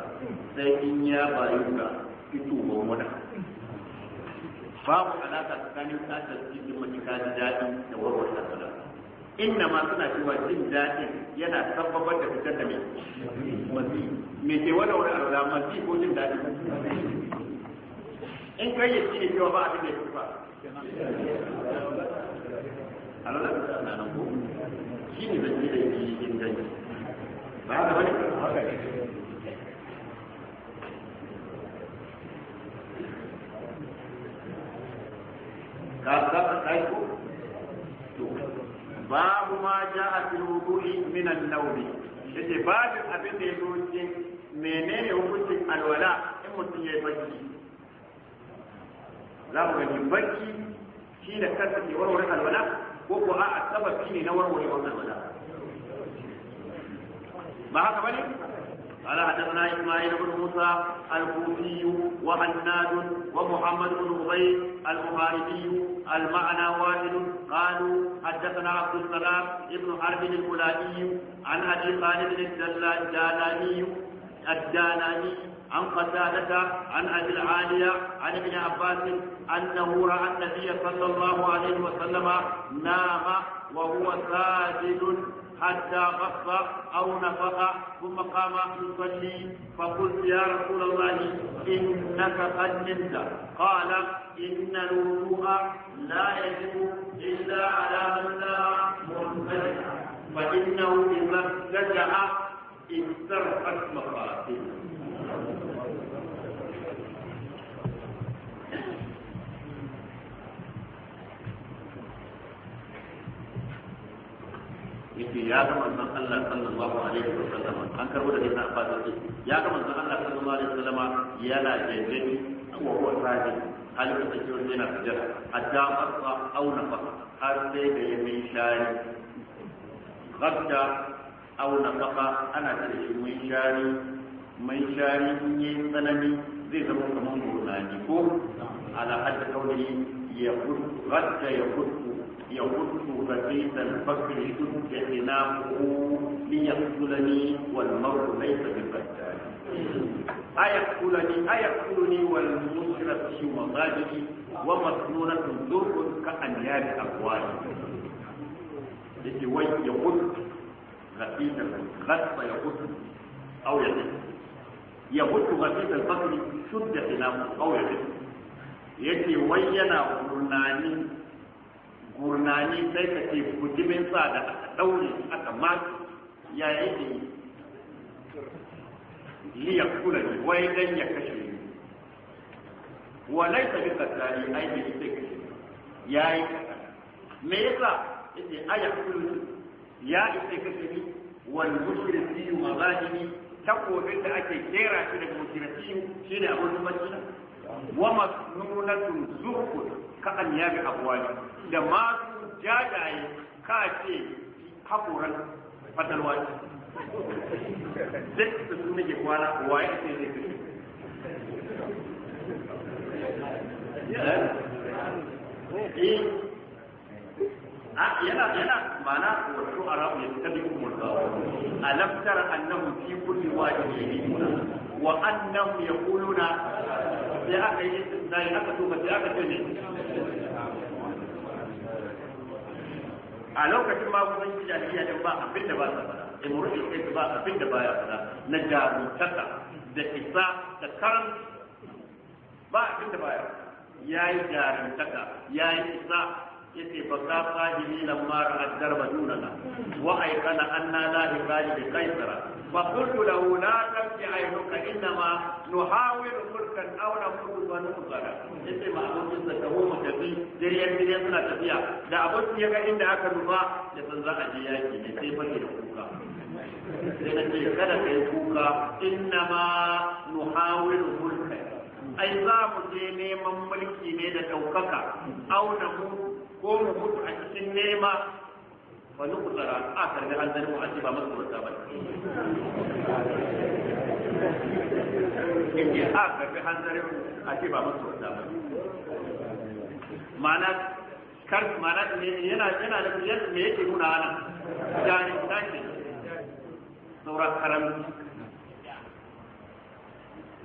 sai in ya bayu ga fitowar wani babu alaka tsakanin tasar cikin matuka ji daɗi da warwar tasara inda ma suna cewa jin daɗin yana sababar da fitar da mai mai ke wani wani arza mazi ko jin daɗi in kai ya ne cewa ba abin da fi ba alala da na nan ko shi ne zai yi da yi daɗi ba haka ba ne ka ka kai ko to babu ma ja'a fil wudu'i min an-nawm yace babin abin da yazo cikin menene hukuncin alwala in mutum yayi bacci za mu gani bacci shi da kansa ke warware alwala ko ko a'a shi ne na warware wannan alwala ba haka bane قال حدثنا إسماعيل بن موسى الكوفي وهناد ومحمد بن عبيد المهاربي المعنى واحد قالوا حدثنا عبد السلام بن حرب الفلاني عن أبي خالد الدلالاني الداناني عن قتادة عن أبي العالية عن ابن عباس أنه رأى النبي صلى الله عليه وسلم نام وهو ساجد حتى غص أو نفخ ثم قام يصلي فقلت يا رسول الله إنك قد نمت قال إن الوضوء لا يجب إلا على من لا منفتح فإنه إذا ارتجع استرقت مقاتله yake ya ga manzon Allah sallallahu alaihi wa sallam an karbo da ba da shi ya ga manzon Allah sallallahu alaihi wa sallam yana jeje wa huwa sajid halin da yake wani yana sujada hatta farqa aw nafaqa har sai da ya mai shari gadda aw nafaqa ana da shi mai shari mai shari ne yi tsanani zai zama kamar gurnani ko ala hadda kauli ya gadda ya kudu ya kutu ga zaitan bakari duk da ina ko liya kulani wal maru mai sabi bakari aya kulani wal musira shi wa zaɗi wa matsuna tun zurgun ka an yaɗi a kwari da ke wai ya kutu ga zaitan ya kutu auyanin ya kutu ga zaitan bakari duk da ina ko auyanin ya ke wai yana kurnanin gurnani sai ka ce bujimin sa da aka daure aka mace ya yi yi liya kula ne wai dan ya kashe ne wa laisa bi qatali ai ne sai yi me yasa yace aya kullu ya isa kashe ni wal mushriki wa zalimi takobin da ake kera shi daga mushriki shine abun madina wa masnunatun zurqun ka an ya ga abuwani da masu jajaye ka ce haƙoran fatalwa ce zai da sun nake kwana waye ne zai kashe eh, eh. Ah, yana yana mana wa shu'ara ya tabi umul gawa alam tara annahu fi kulli wajibin wa annahum yaquluna sai aka yi zai aka duba sai aka ce ne a lokacin magudanci jahiliya din ba abin da ba sa fada imrul su ba abin da baya fada na jarumtaka da isa da karan ba abin da baya yayi jarumtaka yi isa yake ba ka fahimi lam ma ra'ad darba dunana wa ayqana anna la da bi ba fa qultu lahu la tamti aynuka inna ma nuhawilu mulkan aw namutu wa nuqara yace ma abokin sa kawo mu tafi dariyan dariyan suna tafiya da abokin ya ga inda aka nufa da san za a je yaki ne sai fa da kuka sai na ce kada kai kuka inna ma nuhawilu mulkan ai za mu je neman mulki ne da ɗaukaka auna mutu ko mu mutu a cikin nema fa nu kutsara a karbi hanzari mu aji ba masu wata ba ne a karbi hanzari mu aji ba masu wata ba ma'ana kar ma'ana yana yana da yadda me yake nuna ana jani tashi saura karam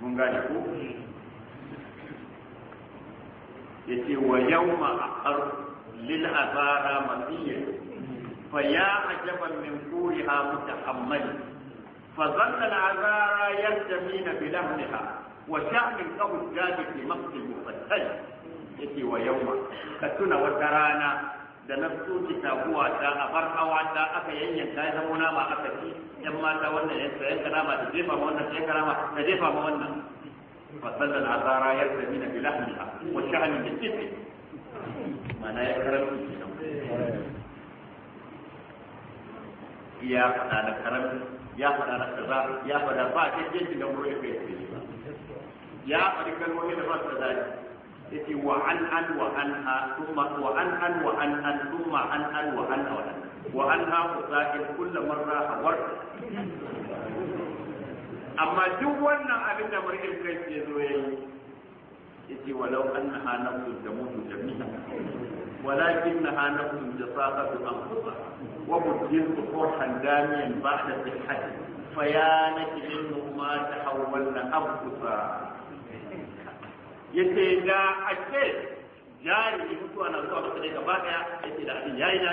mun gane ko yace wa yawma aqarru للأثار azara فيا fa ya قولها min فظن mutahammal fa بلهنها وشعب azara yastamina bi lahniha wa sha'min qawl كتنا وترانا ka tuna wata rana da na soke taguwa ta a bar ta aka yanyanka ya zama nama aka ci yan mata wannan ya yanka nama da jefa ma wannan da jefa ma wannan mana ya karamci ya fada da karamci ya fada da kaza ya fada ba a cikin shi da murya kai ce ba ya fadi kalmomi da ba su da ya ce wa an an wa an ha tumma wa an an wa an an tumma an an wa an wa an wa an ha ku fusail kullu marra a war amma duk wannan abin da murya kai ce zo ya yi yace walau annaha nafsun tamutu jami'a walakin naha nafsun jasaqatu anfusa wa mutilu qurhan damiyan ba'da sihhat fa ya na nakilu ma tahawwalna anfusa yace da ake jari mutuwa na zuwa ka dai gaba daya yace da abin yayi da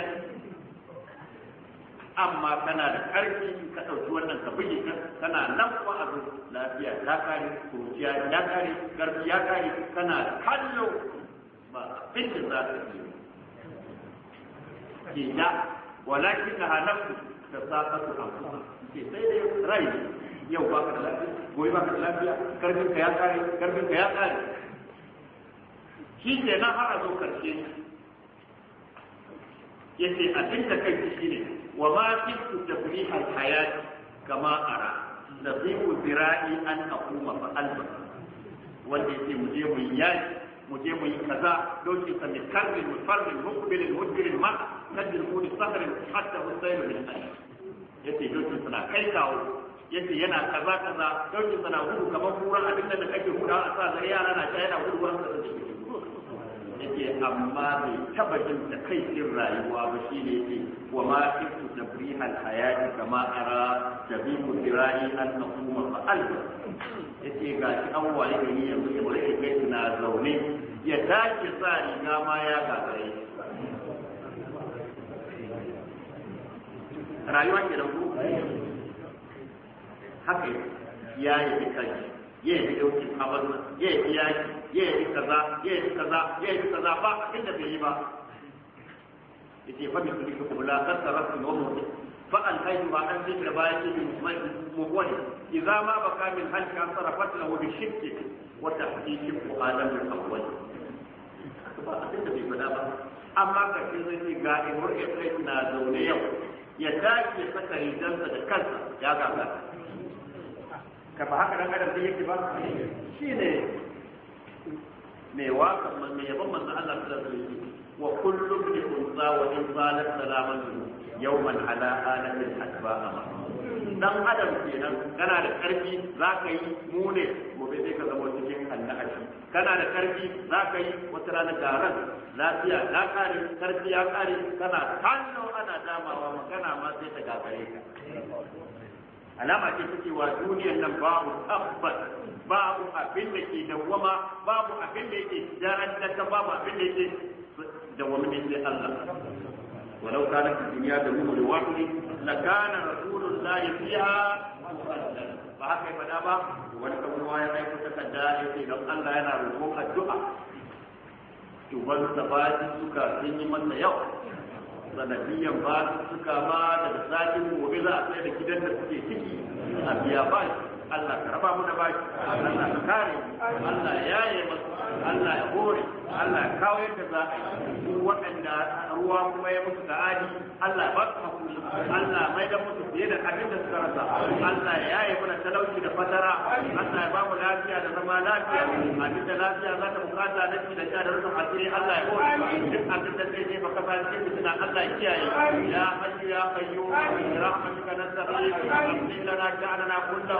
amma kana da ƙarfi ka ɗauki wannan ka buge ka kana nan a abin lafiya ya kare kuciya ya kare ƙarfi ya kare kana da kallo ba abin za ka yi ke da walakin na hanafu ta ka su amfani ke sai dai rai yau ba ka da lafiya goyi ba ka da lafiya ƙarfin ka ya kare ƙarfin ka ya kare shi ke nan har a zo karshe yake abin da kai shi ne wa ma kiftu tafrih al-hayat kama ara da nasibu zira'i an aquma fa alba wanda yake mu je mu yaki mu je mu yi kaza don ki sami karrin mutarrin mukbilin mudbirin ma kadir kudi sahrin hatta husayru min ash yace don ki sana kai kawo yace yana kaza kaza don ki sana gudu kamar kura abin da kake gudu a sa zai yara na ta yana gudu wanda take yake amma bai taba jin ta kai cin rayuwa ba shi ne yake wa ma kitu tabrihal hayati kama ara tabiku dirai an kuma fa alba yake ga shi an waye gari yanzu ya bare kai na zaune ya tashi sa riga ma ya gagare rayuwa ke da ku haka ya yi kai ya yi dauki kabar ya yi yaki ya yi kaza ya yi kaza ya yi kaza ba inda bai yi ba yace fa bi sulika kubla kasaratu wa mutu fa al hayy wa an zikra bayati bi musmai muwali idza ma baka min halka sarafat lahu bi shirki wa tahqiqi adam al awwal ba abinda bai fada ba amma ka ce zai ce ga imur ya kai na zaune yau ya tashi ya saka rigansa da kansa ya gagara ka ba haka dan adam zai yake ba shi ne mai waka mai yaban manzo Allah sallallahu alaihi yi wa kullu bi unza wa in zalat salaman yawman ala alamin hasba dan adam kenan kana da karfi za ka yi mune gobe sai ka zama cikin annabi kana da karfi za ka yi wata rana garan lafiya ya kare karfi ya kare kana tanno ana damawa magana ma sai ta gagare ka alama ce ta cewa duniyan nan babu tabbas babu abin da ke dawwama babu abin da yake jarantarta babu abin da yake dawwama ne sai Allah walau kana ka duniya da mu da wato ne la kana rasulun la yafiha ba haka ba da ba wani kabuwa ya aika ta kadda yake dan Allah yana roƙon addu'a to ban tabati suka sun yi masa yau sanadiyan ba suka ba daga satin gobe za a tsaye da gidan da suke ciki a biya ba Allah ka raba mu da baki Allah ka kare Allah ya yi masu Allah ya hore Allah ya kawo yadda za a yi waɗanda ruwa kuma ya mutu da aji. Allah ya ba su hakuri Allah mai da musu fiye da abin da suka rasa Allah ya yi mana talauci da fatara Allah ya ba mu lafiya da zama lafiya abin da lafiya za ta bukata na ci da sha da rufin asiri Allah ya hore duk abin da zai jefa kafa cikin fitina Allah ya kiyaye ya hayyu ya qayyum bi rahmatika na اغفر لنا شأننا كله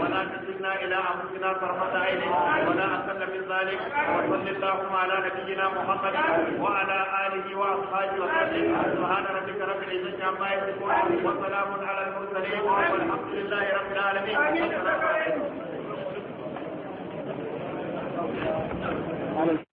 ولا تكلنا إلى أنفسنا طرفة عين ولا أقل من ذلك وصل اللهم على نبينا محمد وعلى اله واصحابه وسلم سبحان ربك رب العزه عما يصفون وسلام على المرسلين والحمد لله رب العالمين